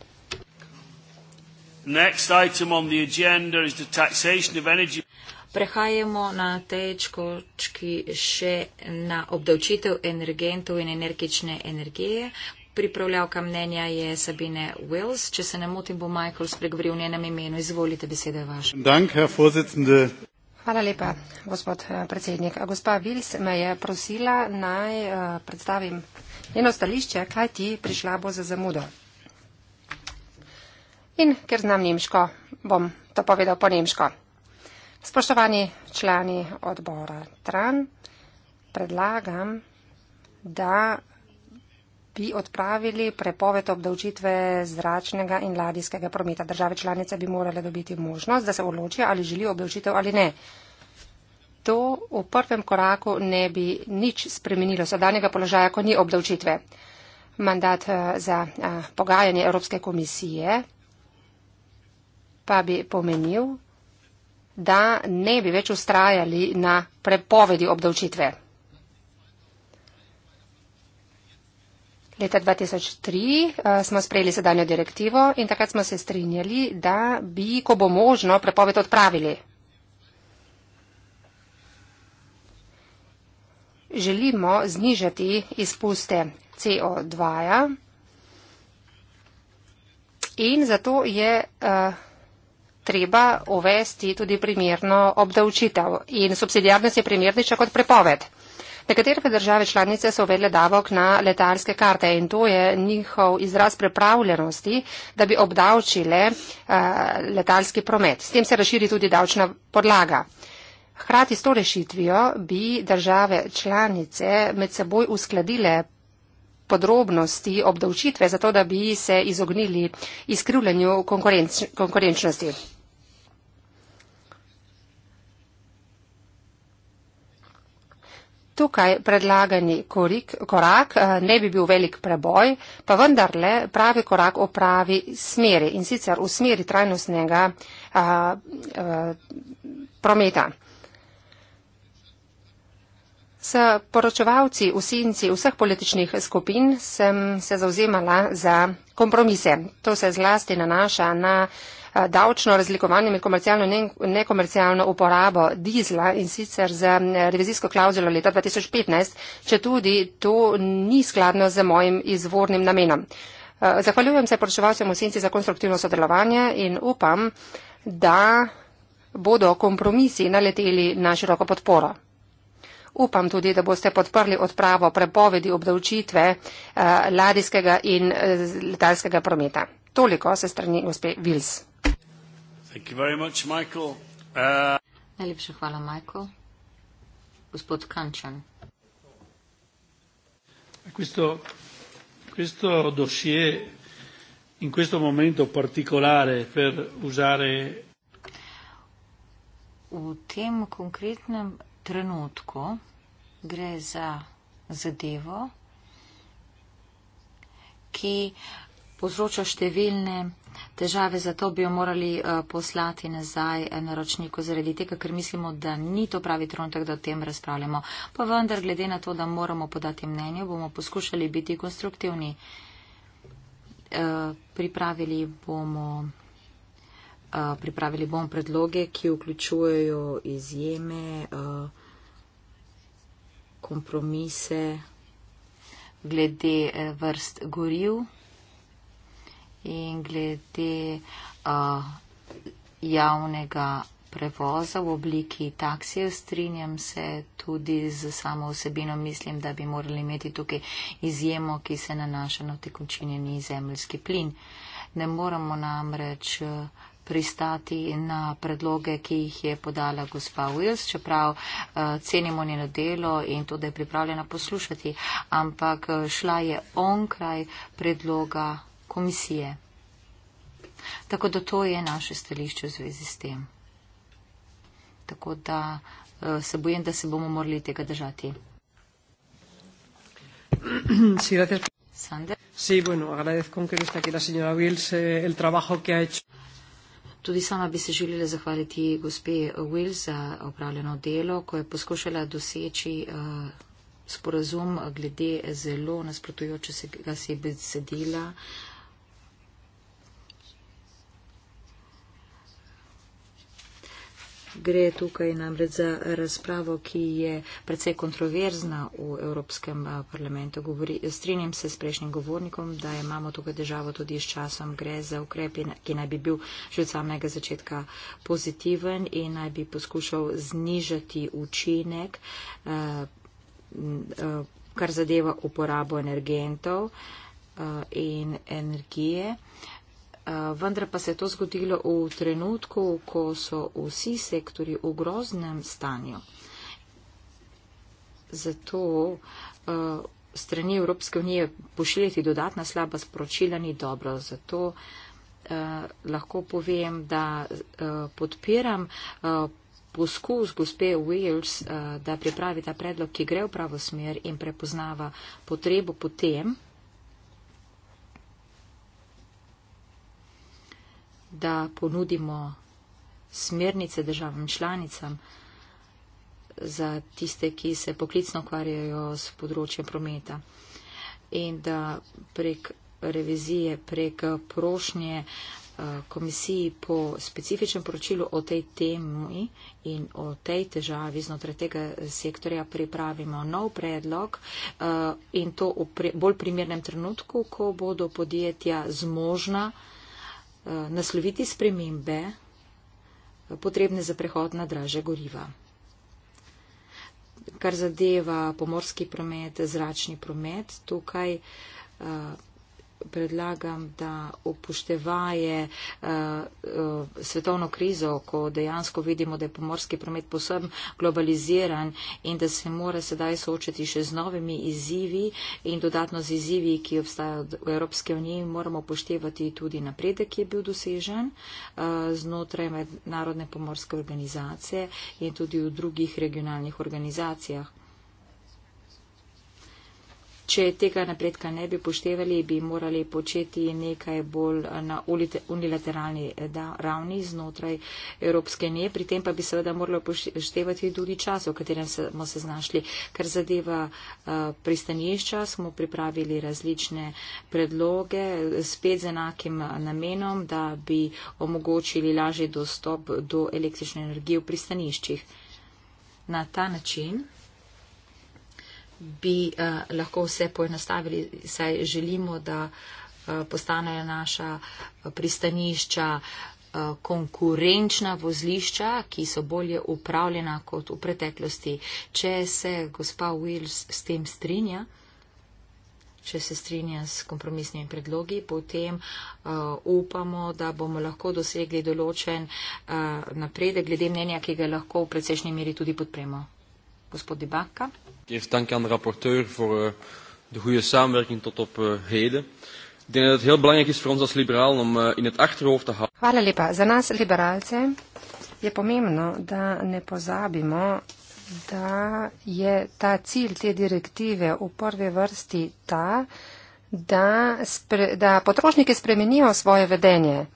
Next item on the agenda is the taxation of energy. Prehajamo na tej točki še na obdavčitev energentov in energične energije. Pripravljavka mnenja je Sabine Wills. Če se ne motim, bo Michael spregovoril v njenem imenu. Izvolite, beseda je vaša. Dank, Hvala lepa, gospod eh, predsednik. Gospa Wills me je prosila naj eh, predstavim njeno stališče, kaj ti prišla bo za zamudo in ker znam nemško, bom to povedal po nemško. Spoštovani člani odbora Tran, predlagam, da bi odpravili prepoved obdavčitve zračnega in ladijskega prometa. Države članice bi morale dobiti možnost, da se odločijo, ali želijo obdavčitev ali ne. To v prvem koraku ne bi nič spremenilo sedanjega položaja, ko ni obdavčitve. Mandat eh, za eh, pogajanje Evropske komisije pa bi pomenil, da ne bi več ustrajali na prepovedi obdavčitve. Leta 2003 uh, eh, smo sprejeli sedanjo direktivo in takrat smo se strinjali, da bi, ko bo možno, prepoved odpravili. Želimo znižati izpuste CO2 -ja in zato je uh, treba uvesti tudi primerno obdavčitev in subsidijarnost je primernejša kot prepoved. Nekatere države članice so uvedle davok na letalske karte in to je njihov izraz pripravljenosti, da bi obdavčile uh, letalski promet. S tem se razširi tudi davčna podlaga. Hrati s to rešitvijo bi države članice med seboj uskladile podrobnosti obdavčitve, zato da bi se izognili izkrivljanju konkurenč konkurenčnosti. tukaj predlagani korik, korak eh, ne bi bil velik preboj, pa vendarle pravi korak v pravi smeri in sicer v smeri trajnostnega a, eh, a, eh, prometa. S poročevalci v senci vseh političnih skupin sem se zauzemala za kompromise. To se zlasti nanaša na. Eh, davčno razlikovanje med komercialno in nekomercialno uporabo dizla in sicer z revizijsko klauzulo leta 2015, če tudi to ni skladno z mojim izvornim namenom. Eh, zahvaljujem se poročevalcem v senci za konstruktivno sodelovanje in upam, da bodo kompromisi naleteli na široko podporo. Upam tudi, da boste podprli odpravo prepovedi obdavčitve eh, ladijskega in letalskega prometa. Toliko se strani gospe Vils. Thank you very much, Michael. Uh... Najlepša hvala, Michael. Gospod Kančan. Questo, questo dossier in questo momento particolare per usare. V tem konkretnem trenutku gre za zadevo, ki povzroča številne težave, zato bi jo morali eh, poslati nazaj eh, naročniku zaradi tega, ker mislimo, da ni to pravi trenutek, da o tem razpravljamo. Pa vendar, glede na to, da moramo podati mnenje, bomo poskušali biti konstruktivni. Eh, pripravili bomo, pripravili bomo predloge, ki vključujejo izjeme, kompromise glede vrst goril in glede uh, javnega prevoza v obliki taksijev strinjam se tudi z samo osebino. Mislim, da bi morali imeti tukaj izjemo, ki se nanaša na tekočinjeni zemljski plin. Ne moramo namreč pristati na predloge, ki jih je podala gospa Wills, čeprav uh, cenimo njeno delo in to, da je pripravljena poslušati, ampak šla je onkraj predloga komisije. Tako da to je naše stališče v zvezi s tem. Tako da eh, se bojim, da se bomo morali tega držati. Sander. No eh, Tudi sama bi se želela zahvaliti gospe Will za opravljeno delo, ko je poskušala doseči uh, sporazum glede zelo nasprotujoče se, se besedila. Uh, Gre tukaj namreč za razpravo, ki je predvsej kontroverzna v Evropskem eh, parlamentu. Govori, strinjam se s prejšnjim govornikom, da imamo tukaj državo tudi s časom. Gre za ukrep, ki naj bi bil že od samega začetka pozitiven in naj bi poskušal znižati učinek, eh, eh, kar zadeva uporabo energentov in energije. Eh, vendar pa se je to zgodilo v trenutku, ko so vsi sektori v groznem stanju. Zato uh, strani Evropske unije pošiljati dodatna slaba sporočila ni dobro. Zato uh, lahko povem, da uh, podpiram uh, poskus gospe Wales, uh, da pripravi ta predlog, ki gre v pravo smer in prepoznava potrebo potem, da ponudimo smernice državam članicam za tiste, ki se poklicno ukvarjajo s področjem prometa in da prek revizije, prek prošnje eh, komisiji po specifičnem poročilu o tej temi in o tej težavi znotraj tega sektorja pripravimo nov predlog eh, in to v bolj primernem trenutku, ko bodo podjetja zmožna Eh, nasloviti spremembe eh, potrebne za prehod na draže goriva. Kar zadeva pomorski promet, zračni promet, tukaj eh, predlagam, da upoštevaje uh, uh, svetovno krizo, ko dejansko vidimo, da je pomorski promet posebno globaliziran in da se mora sedaj soočiti še z novimi izzivi in dodatno z izzivi, ki obstajajo v Evropske unije, moramo upoštevati tudi napredek, ki je bil dosežen uh, znotraj mednarodne pomorske organizacije in tudi v drugih regionalnih organizacijah. Če tega napredka ne bi poštevali, bi morali početi nekaj bolj na unilateralni da, ravni znotraj Evropske unije. Pri tem pa bi seveda morali poštevati tudi čas, v katerem smo se znašli. Ker zadeva eh, pristanišča, smo pripravili različne predloge, spet z enakim namenom, da bi omogočili lažji dostop do električne energije v pristaniščih. Na ta način bi uh, lahko vse poenostavili, saj želimo, da uh, postanejo naša eh, pristanišča uh, konkurenčna vozlišča, ki so bolje upravljena kot v preteklosti. Če se gospa Wills s tem strinja, če se strinja s kompromisnimi predlogi, potem uh, upamo, da bomo lahko dosegli določen uh, napredek glede mnenja, ki ga lahko v precejšnji meri tudi podpremo. Gospod Debakka. Ik geef dank aan de rapporteur voor eh, de goede samenwerking tot op eh, heden. Ik denk dat het heel belangrijk is voor ons als liberalen om eh, in het achterhoofd te houden. Hvala lepa. Za nas liberalce je pomembno, da ne pozabimo, da je ta cilj te direktive v prvi vrsti ta, da, spre, da potrošniki spremenijo svoje vedenje.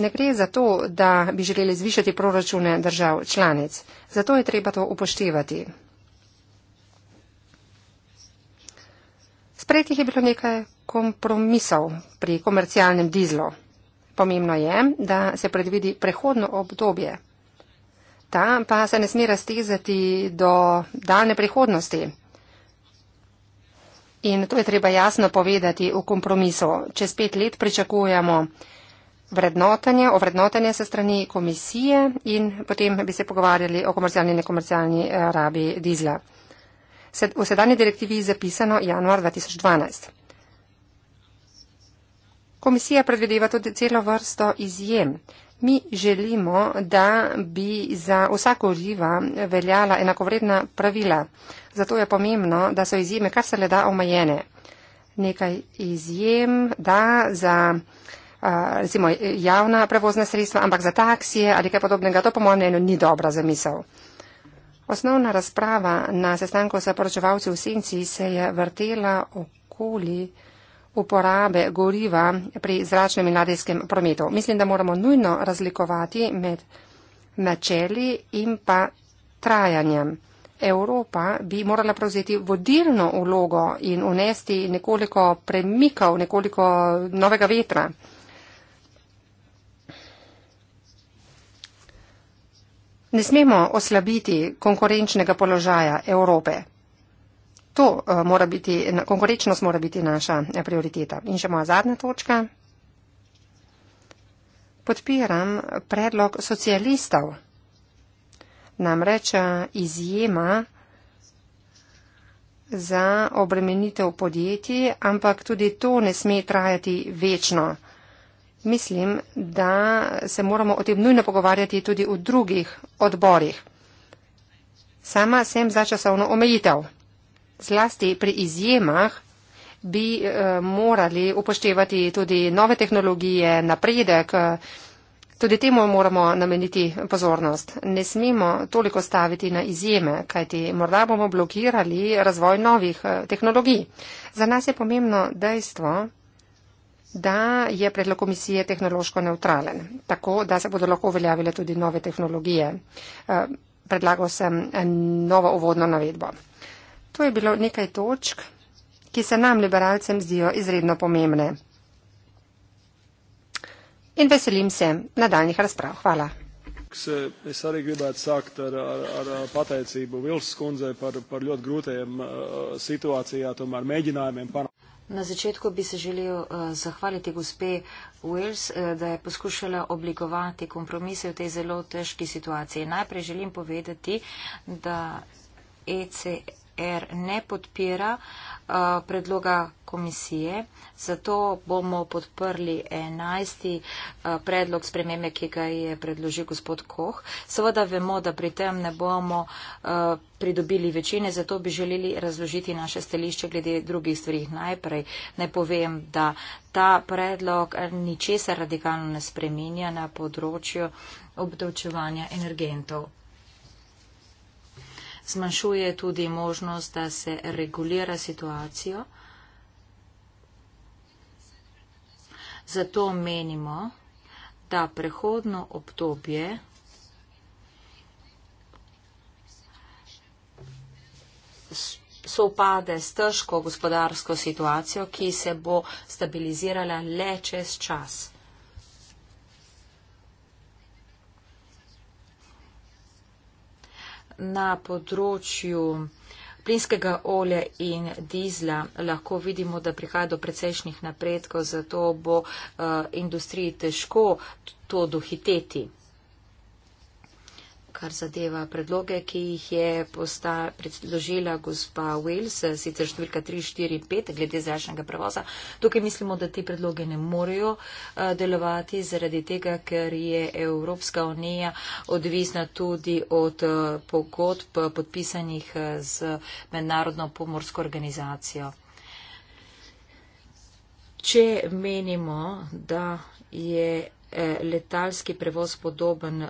Ne gre za to, da bi želeli zvišati proračune držav članic. Zato je treba to upoštevati. Sprejetih je bilo nekaj kompromisov pri komercialnem dizlu. Pomembno je, da se predvidi prehodno obdobje. Ta pa se ne sme raztezati do daljne prihodnosti. In to je treba jasno povedati v kompromisu. Čez pet let pričakujemo vrednotenje, ovrednotenje se strani komisije in potem bi se pogovarjali o komercialni in nekomercialni eh, rabi dizla. V sedanji direktivi je zapisano januar 2012. Komisija predvideva tudi celo vrsto izjem. Mi želimo, da bi za vsako živa veljala enakovredna pravila. Zato je pomembno, da so izjeme kar se le da omejene. Nekaj izjem, da za recimo javna prevozna sredstva, ampak za taksije ali kaj podobnega, to po mojem mnenju ni dobra zamisel. Osnovna razprava na sestanku sa poročevalci v Senci se je vrtela okoli uporabe goriva pri zračnem in ladijskem prometu. Mislim, da moramo nujno razlikovati med načeli in pa trajanjem. Evropa bi morala prevzeti vodilno ulogo in unesti nekoliko premikov, nekoliko novega vetra. Ne smemo oslabiti konkurenčnega položaja Evrope. To eh, mora biti, konkurenčnost mora biti naša eh, prioriteta. In še moja zadnja točka. Podpiram predlog socialistov. Namreč eh, izjema za obremenitev podjetij, ampak tudi to ne sme trajati večno. Mislim, da se moramo o tem nujno pogovarjati tudi v drugih odborih. Sama sem za časovno omejitev. Zlasti pri izjemah bi eh, morali upoštevati tudi nove tehnologije, napredek. Tudi temu moramo nameniti pozornost. Ne smemo toliko staviti na izjeme, kajti morda bomo blokirali razvoj novih eh, tehnologij. Za nas je pomembno dejstvo, da je predlog komisije tehnološko neutralen, tako da se bodo lahko uveljavile tudi nove tehnologije. Eh, predlagal sem novo uvodno navedbo. To je bilo nekaj točk, ki se nam, liberalcem, zdijo izredno pomembne. In veselim se nadaljnih razprav. Hvala. Es arī gribētu sākt ar, ar, ar pateicību Vilskundzei par, par ļoti grūtajiem uh, eh, situācijām, tomēr mēģinājumiem panākt. Na začetku bi se želel eh, zahvaliti gospe Wills, eh, da je poskušala oblikovati kompromise v tej zelo težki situaciji. Najprej želim povedati, da ECE. SR ne podpira uh, predloga komisije, zato bomo podprli enajsti uh, predlog spremembe, ki ga je predložil gospod Koh. Seveda vemo, da pri tem ne bomo uh, pridobili večine, zato bi želeli razložiti naše stališče glede drugih stvari. Najprej ne povem, da ta predlog ničesar radikalno ne spreminja na področju obdavčevanja energentov zmanjšuje tudi možnost, da se regulira situacijo. Zato menimo, da prehodno obdobje sovpade s težko gospodarsko situacijo, ki se bo stabilizirala le čez čas. na področju plinskega olja in dizla lahko vidimo, da prihaja do precejšnjih napredkov, zato bo uh, industriji težko to dohiteti kar zadeva predloge, ki jih je posta, predložila gospa Wales, sicer številka 345 glede zračnega prevoza. Tukaj mislimo, da ti predloge ne morejo eh, delovati zaradi tega, ker je Evropska unija odvisna tudi od eh, pogodb podpisanih eh, z mednarodno pomorsko organizacijo. Če menimo, da je letalski prevoz podoben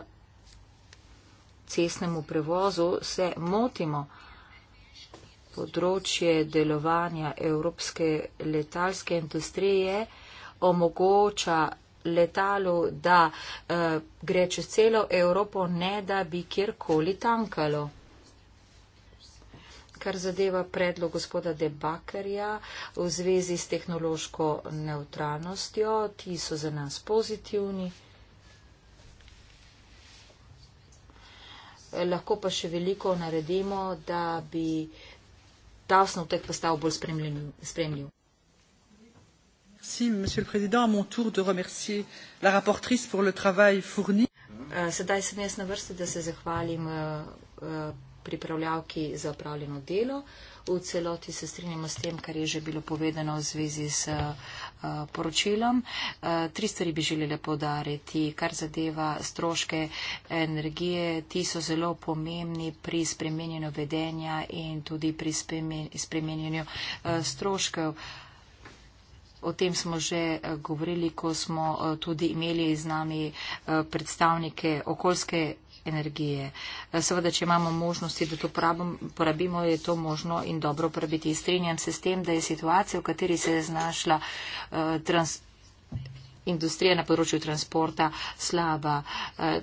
cestnemu prevozu, se motimo. Področje delovanja evropske letalske industrije omogoča letalu, da eh, gre čez celo Evropo, ne da bi kjerkoli tankalo. Kar zadeva predlog gospoda Debakarja v zvezi s tehnološko neutralnostjo, ti so za nas pozitivni. lahko pa še veliko naredimo, da bi ta osnovtek postal bolj spremljiv. Eh, sedaj sem jaz na vrsti, da se zahvalim eh, eh, pripravljavki za opravljeno delo. V celoti se strinjamo s tem, kar je že bilo povedano v zvezi s. Eh, poročilom. Eh, tri stvari bi želeli podariti, kar zadeva stroške energije. Ti so zelo pomembni pri spremenjenju vedenja in tudi pri spremenjenju eh, stroškov. O tem smo že govorili, ko smo tudi imeli z nami predstavnike okoljske energije. Seveda, če imamo možnosti, da to porabimo, je to možno in dobro porabiti. Strinjam se s tem, da je situacija, v kateri se je znašla eh, trans, industrija na področju transporta, slaba. Eh,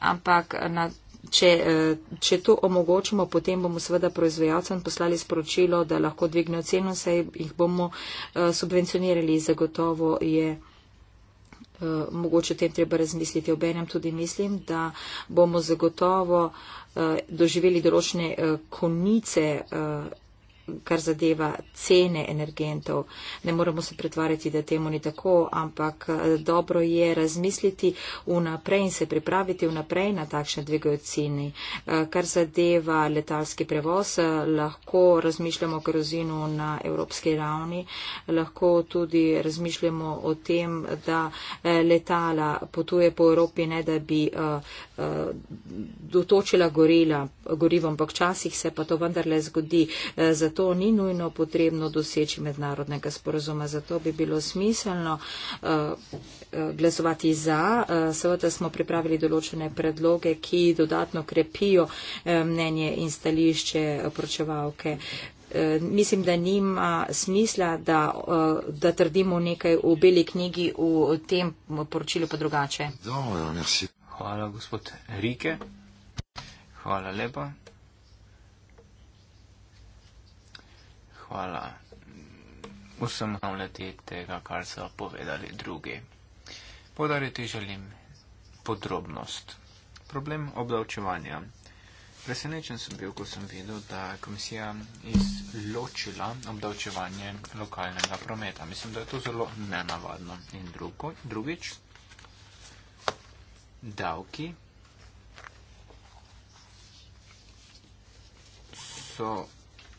ampak na, če, eh, če to omogočimo, potem bomo seveda proizvajalcem poslali sporočilo, da lahko dvignejo ceno, saj jih bomo subvencionirali. Zagotovo je. Eh, mogoče tem treba razmisliti. Obenem tudi mislim, da bomo zagotovo eh, doživeli določene eh, konice kar zadeva cene energentov. Ne moramo se pretvarjati, da temu ni tako, ampak eh, dobro je razmisliti vnaprej in se pripraviti vnaprej na takšne dvigajo cene. Eh, kar zadeva letalski prevoz, eh, lahko razmišljamo o grozinu na evropski ravni, lahko tudi razmišljamo o tem, da letala potuje po Evropi, ne da bi dotočila eh, gorila, gorivom, ampak včasih se pa to vendarle zgodi. Eh, zato ni nujno potrebno doseči mednarodnega sporozuma. Zato bi bilo smiselno eh, glasovati za. Seveda smo pripravili določene predloge, ki dodatno krepijo mnenje in stališče pročevalke. Mislim, da nima smisla, da, da trdimo nekaj v beli knjigi, v tem poročilu pa drugače. Dobro, no, ja, Hvala, gospod Rike. Hvala lepa. Hvala vsem navljati tega, kar so povedali drugi. Podariti želim podrobnost. Problem obdavčevanja. Presenečen sem bil, ko sem videl, da je komisija izločila obdavčevanje lokalnega prometa. Mislim, da je to zelo nenavadno. In drugo, drugič, davki so,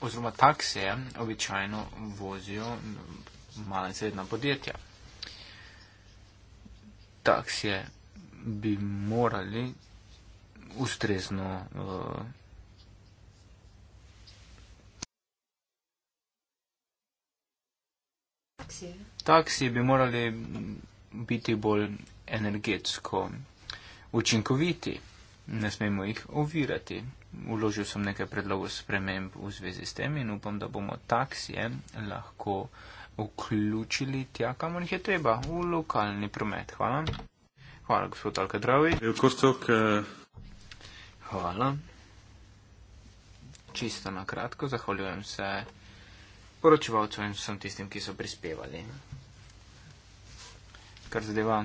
oziroma takse običajno vozijo male in srednja podjetja. Takse bi morali ustrezno uh, eh, Taksi bi morali biti bolj energetsko učinkoviti, ne smemo jih ovirati. Uložil sem nekaj predlogov sprememb v zvezi s tem in upam, da bomo taksije lahko vključili tja, kamor jih je treba, v lokalni promet. Hvala. Hvala, gospod Alkadravi. Hvala. Čisto na kratko, zahvaljujem se poročevalcem in vsem tistim, ki so prispevali. Kar zadeva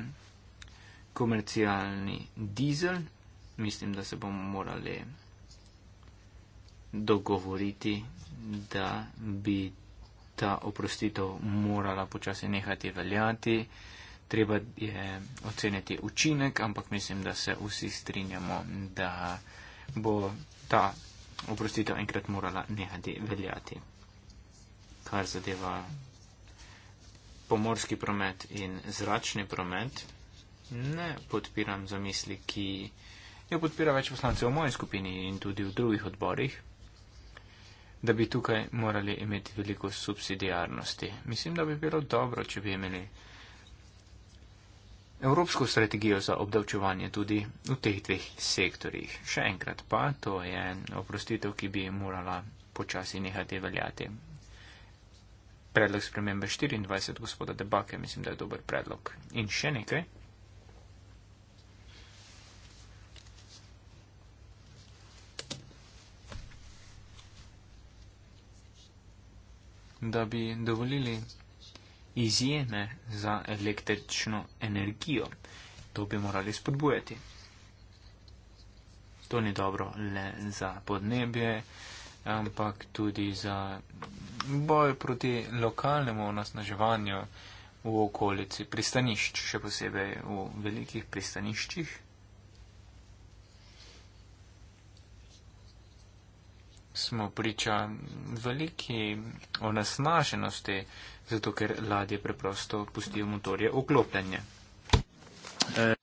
komercialni dizel. Mislim, da se bomo morali dogovoriti, da bi ta oprostitev morala počasi nehati veljati. Treba je oceniti učinek, ampak mislim, da se vsi strinjamo, da bo ta oprostitev enkrat morala nehati veljati. Kar zadeva pomorski promet in zračni promet ne podpiram za misli, ki jo podpira več poslancev v moji skupini in tudi v drugih odborih, da bi tukaj morali imeti veliko subsidijarnosti. Mislim, da bi bilo dobro, če bi imeli evropsko strategijo za obdavčevanje tudi v teh dveh sektorjih. Še enkrat pa, to je oprostitev, ki bi morala počasi nehati veljati. Predlog spremembe 24 gospoda Debake mislim, da je dober predlog. In še nekaj. da bi dovolili izjeme za električno energijo. To bi morali spodbujati. To ni dobro le za podnebje, ampak tudi za boj proti lokalnemu onosnaževanju v okolici pristanišč, še posebej v velikih pristaniščih. smo priča veliki onesnaženosti, zato ker ladje preprosto pustijo motorje oklopljenje. E,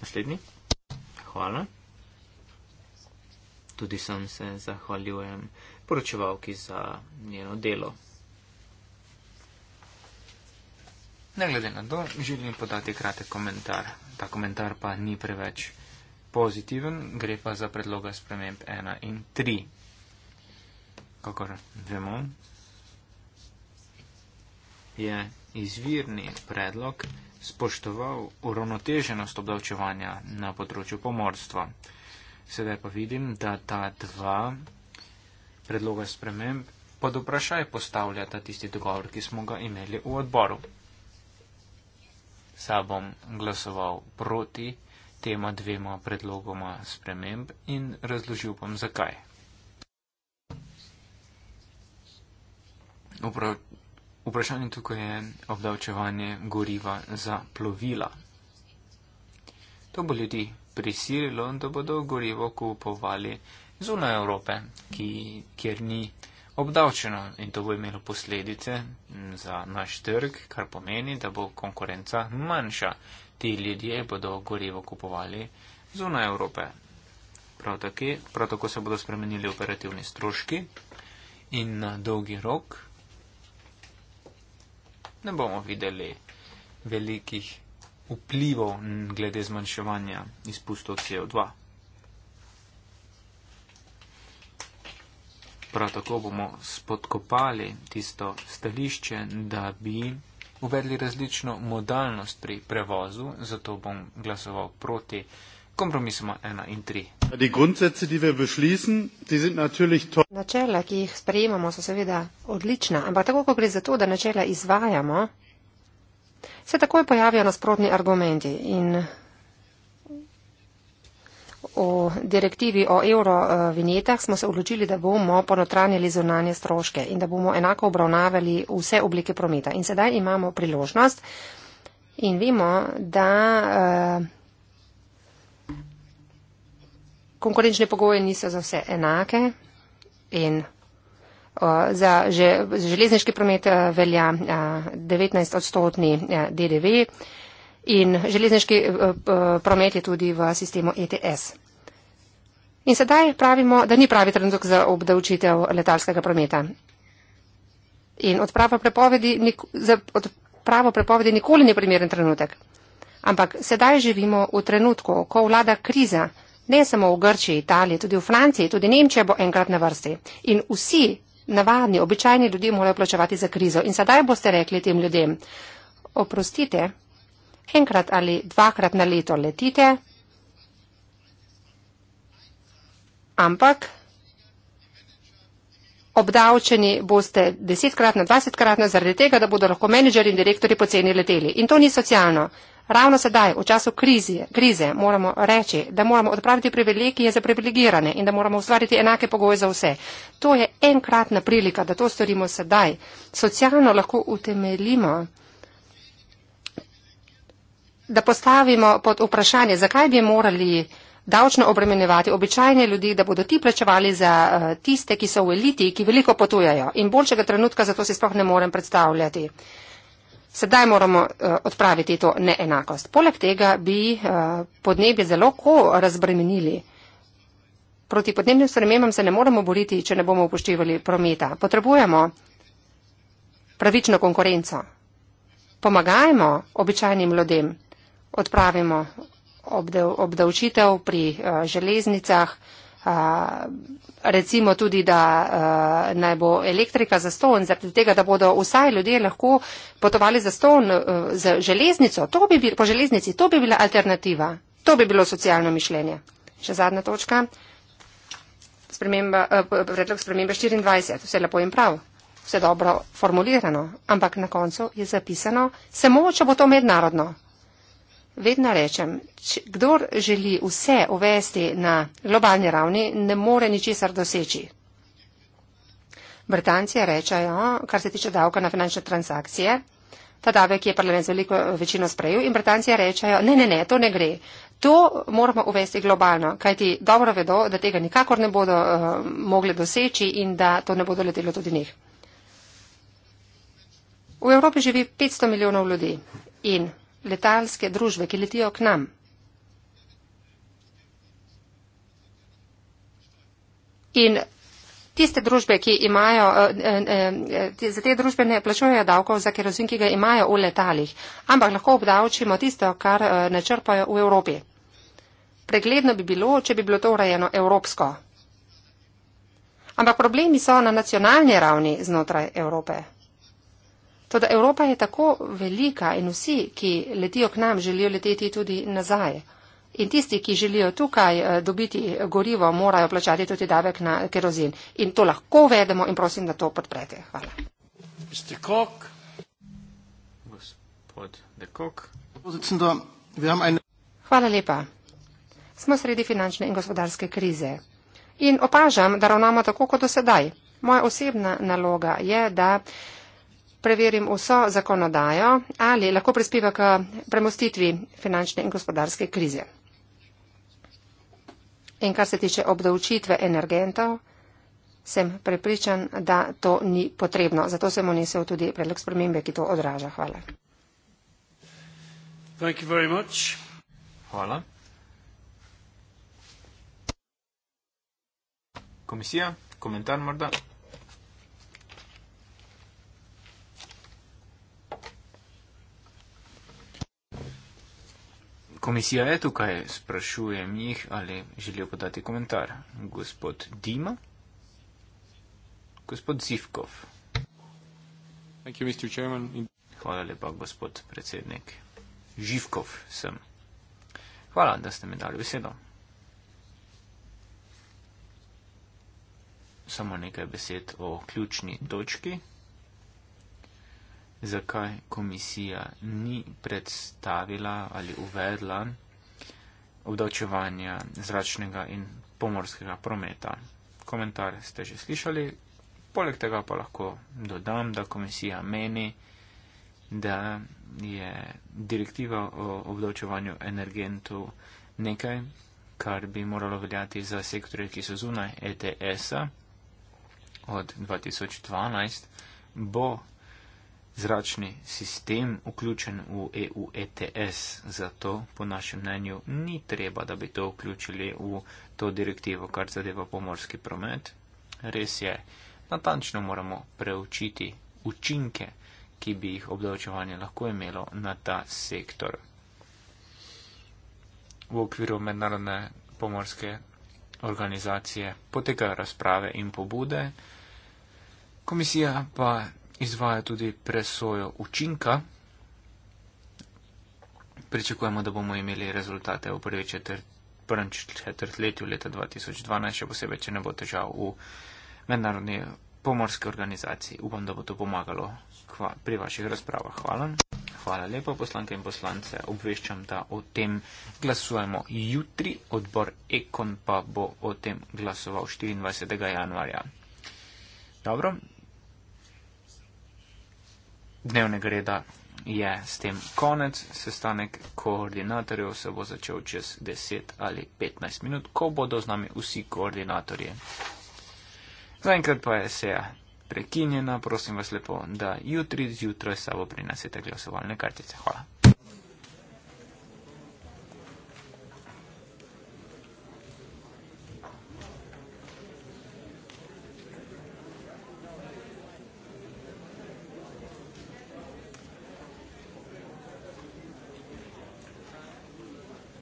naslednji. Hvala. Tudi sem se zahvaljujem poročevalki za njeno delo. Ne glede na to, želim podati kratek komentar. Ta komentar pa ni preveč pozitiven, gre pa za predloga sprememb 1 in 3 kakor vemo, je izvirni predlog spoštoval uravnoteženost obdavčevanja na področju pomorstva. Sedaj pa vidim, da ta dva predloga sprememb pod vprašaj postavlja ta tisti dogovor, ki smo ga imeli v odboru. Sam bom glasoval proti tema dvema predlogoma sprememb in razložil bom zakaj. Upra vprašanje tukaj je obdavčevanje goriva za plovila. To bo ljudi prisililo, da bodo gorivo kupovali zunaj Evrope, ki, kjer ni obdavčeno in to bo imelo posledice za naš trg, kar pomeni, da bo konkurenca manjša. Ti ljudje bodo gorivo kupovali zunaj Evrope. Prav, taki, prav tako se bodo spremenili operativni stroški in na dolgi rok ne bomo videli velikih vplivov glede zmanjševanja izpustov CO2. Prav tako bomo spodkopali tisto stališče, da bi uvedli različno modalnost pri prevozu, zato bom glasoval proti. Kompromis Nummer 1 in 3. Ja, die Grundsätze, die wir beschließen, die sind natürlich toll. Načela, ki jih sprejemamo, so seveda odlična, ampak tako, ko gre za to, da načela izvajamo, se takoj pojavijo nasprotni argumenti. In o direktivi o eurovinjetah eh, smo se odločili, da bomo ponotranjali zunanje stroške in da bomo enako obravnavali vse oblike prometa. In sedaj imamo priložnost in vemo, da. Uh, konkurenčne pogoje niso za vse enake in uh, za že, železniški promet uh, velja uh, 19-odstotni uh, DDV in železniški uh, uh, promet je tudi v sistemu ETS. In sedaj pravimo, da ni pravi trenutek za obdavčitev letalskega prometa. In odprava prepovedi, za odpravo prepovedi nikoli ni primeren trenutek. Ampak sedaj živimo v trenutku, ko vlada kriza ne samo v Grčiji, Italiji, tudi v Franciji, tudi Nemčija bo enkrat na vrsti. In vsi navadni, običajni ljudje morajo plačevati za krizo. In sedaj boste rekli tem ljudem, oprostite, enkrat ali dvakrat na leto letite, ampak obdavčeni boste desetkratno, dvajsetkratno zaradi tega, da bodo lahko menedžer in direktori poceni leteli. In to ni socialno. Ravno sedaj, v času krizi, krize, moramo reči, da moramo odpraviti privilegije ki je za privilegirane in da moramo ustvariti enake pogoje za vse. To je enkratna prilika, da to storimo sedaj. Socialno lahko utemeljimo, da postavimo pod vprašanje, zakaj bi morali davčno obremenjevati običajne ljudi, da bodo ti plačevali za eh, tiste, ki so v eliti, ki veliko potujajo. In boljšega trenutka za to si sploh ne morem predstavljati. Sedaj moramo uh, odpraviti to neenakost. Poleg tega bi uh, podnebje zelo ko razbremenili. Proti podnebnim spremembam se ne moremo boriti, če ne bomo upoštevali prometa. Potrebujemo pravično konkurenco. Pomagajmo običajnim ljudem. Odpravimo obdavčitev pri uh, železnicah. Uh, recimo tudi, da naj bo elektrika za ston, zaradi tega, da bodo vsaj ljudje lahko potovali za ston e, z železnico, to bi bil, po železnici, to bi bila alternativa, to bi bilo socialno mišljenje. Še zadnja točka, sprememba, e, predlog spremembe 24, vse lepo in prav. Vse dobro formulirano, ampak na koncu je zapisano samo, če bo to mednarodno. Vedno rečem, če, kdor želi vse uvesti na globalni ravni, ne more ničesar doseči. Britanci rečejo, kar se tiče davka na finančne transakcije, ta davek je parlament z veliko večino sprejel in Britanci rečejo, ne, ne, ne, to ne gre. To moramo uvesti globalno, kajti dobro vedo, da tega nikakor ne bodo uh, mogli doseči in da to ne bodo letelo tudi njih. V Evropi živi 500 milijonov ljudi in letalske družbe, ki letijo k nam. In tiste družbe, ki imajo, eh, eh, eh, za te družbe ne plačujejo davkov za kerozin, ki ga imajo v letalih, ampak lahko obdavčimo tisto, kar načrpajo v Evropi. Pregledno bi bilo, če bi bilo to urejeno evropsko. Ampak problemi so na nacionalni ravni znotraj Evrope. Toda Evropa je tako velika in vsi, ki letijo k nam, želijo leteti tudi nazaj. In tisti, ki želijo tukaj eh, dobiti gorivo, morajo plačati tudi davek na kerozin. In to lahko vedemo in prosim, da to podprete. Hvala. Hvala lepa. Smo sredi finančne in gospodarske krize. In opažam, da ravnamo tako kot do sedaj. Moja osebna naloga je, da preverim vso zakonodajo, ali lahko prispeva k premostitvi finančne in gospodarske krize. In kar se tiče obdavčitve energentov, sem prepričan, da to ni potrebno. Zato sem unesel tudi predlog spremembe, ki to odraža. Hvala. Hvala. Komisija, komentar morda. komisija je tukaj, sprašujem jih, ali želijo podati komentar. Gospod Dima. Gospod Zivkov. Hvala lepa, gospod predsednik. Živkov sem. Hvala, da ste mi dali besedo. Samo nekaj besed o ključni točki zakaj komisija ni predstavila ali uvedla obdavčevanja zračnega in pomorskega prometa. Komentar ste že slišali, poleg tega pa lahko dodam, da komisija meni, da je direktiva o obdavčevanju energentov nekaj, kar bi moralo veljati za sektore, ki so zunaj ETS-a od 2012, bo zračni sistem vključen v EU ETS, zato po našem mnenju ni treba, da bi to vključili v to direktivo, kar zadeva pomorski promet. Res je, natančno moramo preučiti učinke, ki bi jih obdavčevanje lahko imelo na ta sektor. V okviru mednarodne pomorske organizacije potekajo razprave in pobude, komisija pa izvaja tudi presojo učinka. Pričakujemo, da bomo imeli rezultate v prvi četrt, prvem četrtletju leta 2012, še posebej, če ne bo težav v mednarodni pomorski organizaciji. Upam, da bo to pomagalo kva, pri vaših razpravah. Hvala. Hvala lepa, poslanke in poslance. Obveščam, da o tem glasujemo jutri. Odbor Ekon pa bo o tem glasoval 24. januarja. Dobro, dnevnega reda je s tem konec. Sestanek koordinatorjev se bo začel čez 10 ali 15 minut, ko bodo z nami vsi koordinatorje. Zaenkrat pa je seja prekinjena. Prosim vas lepo, da jutri zjutraj sabo prinesete glasovalne kartice. Hvala.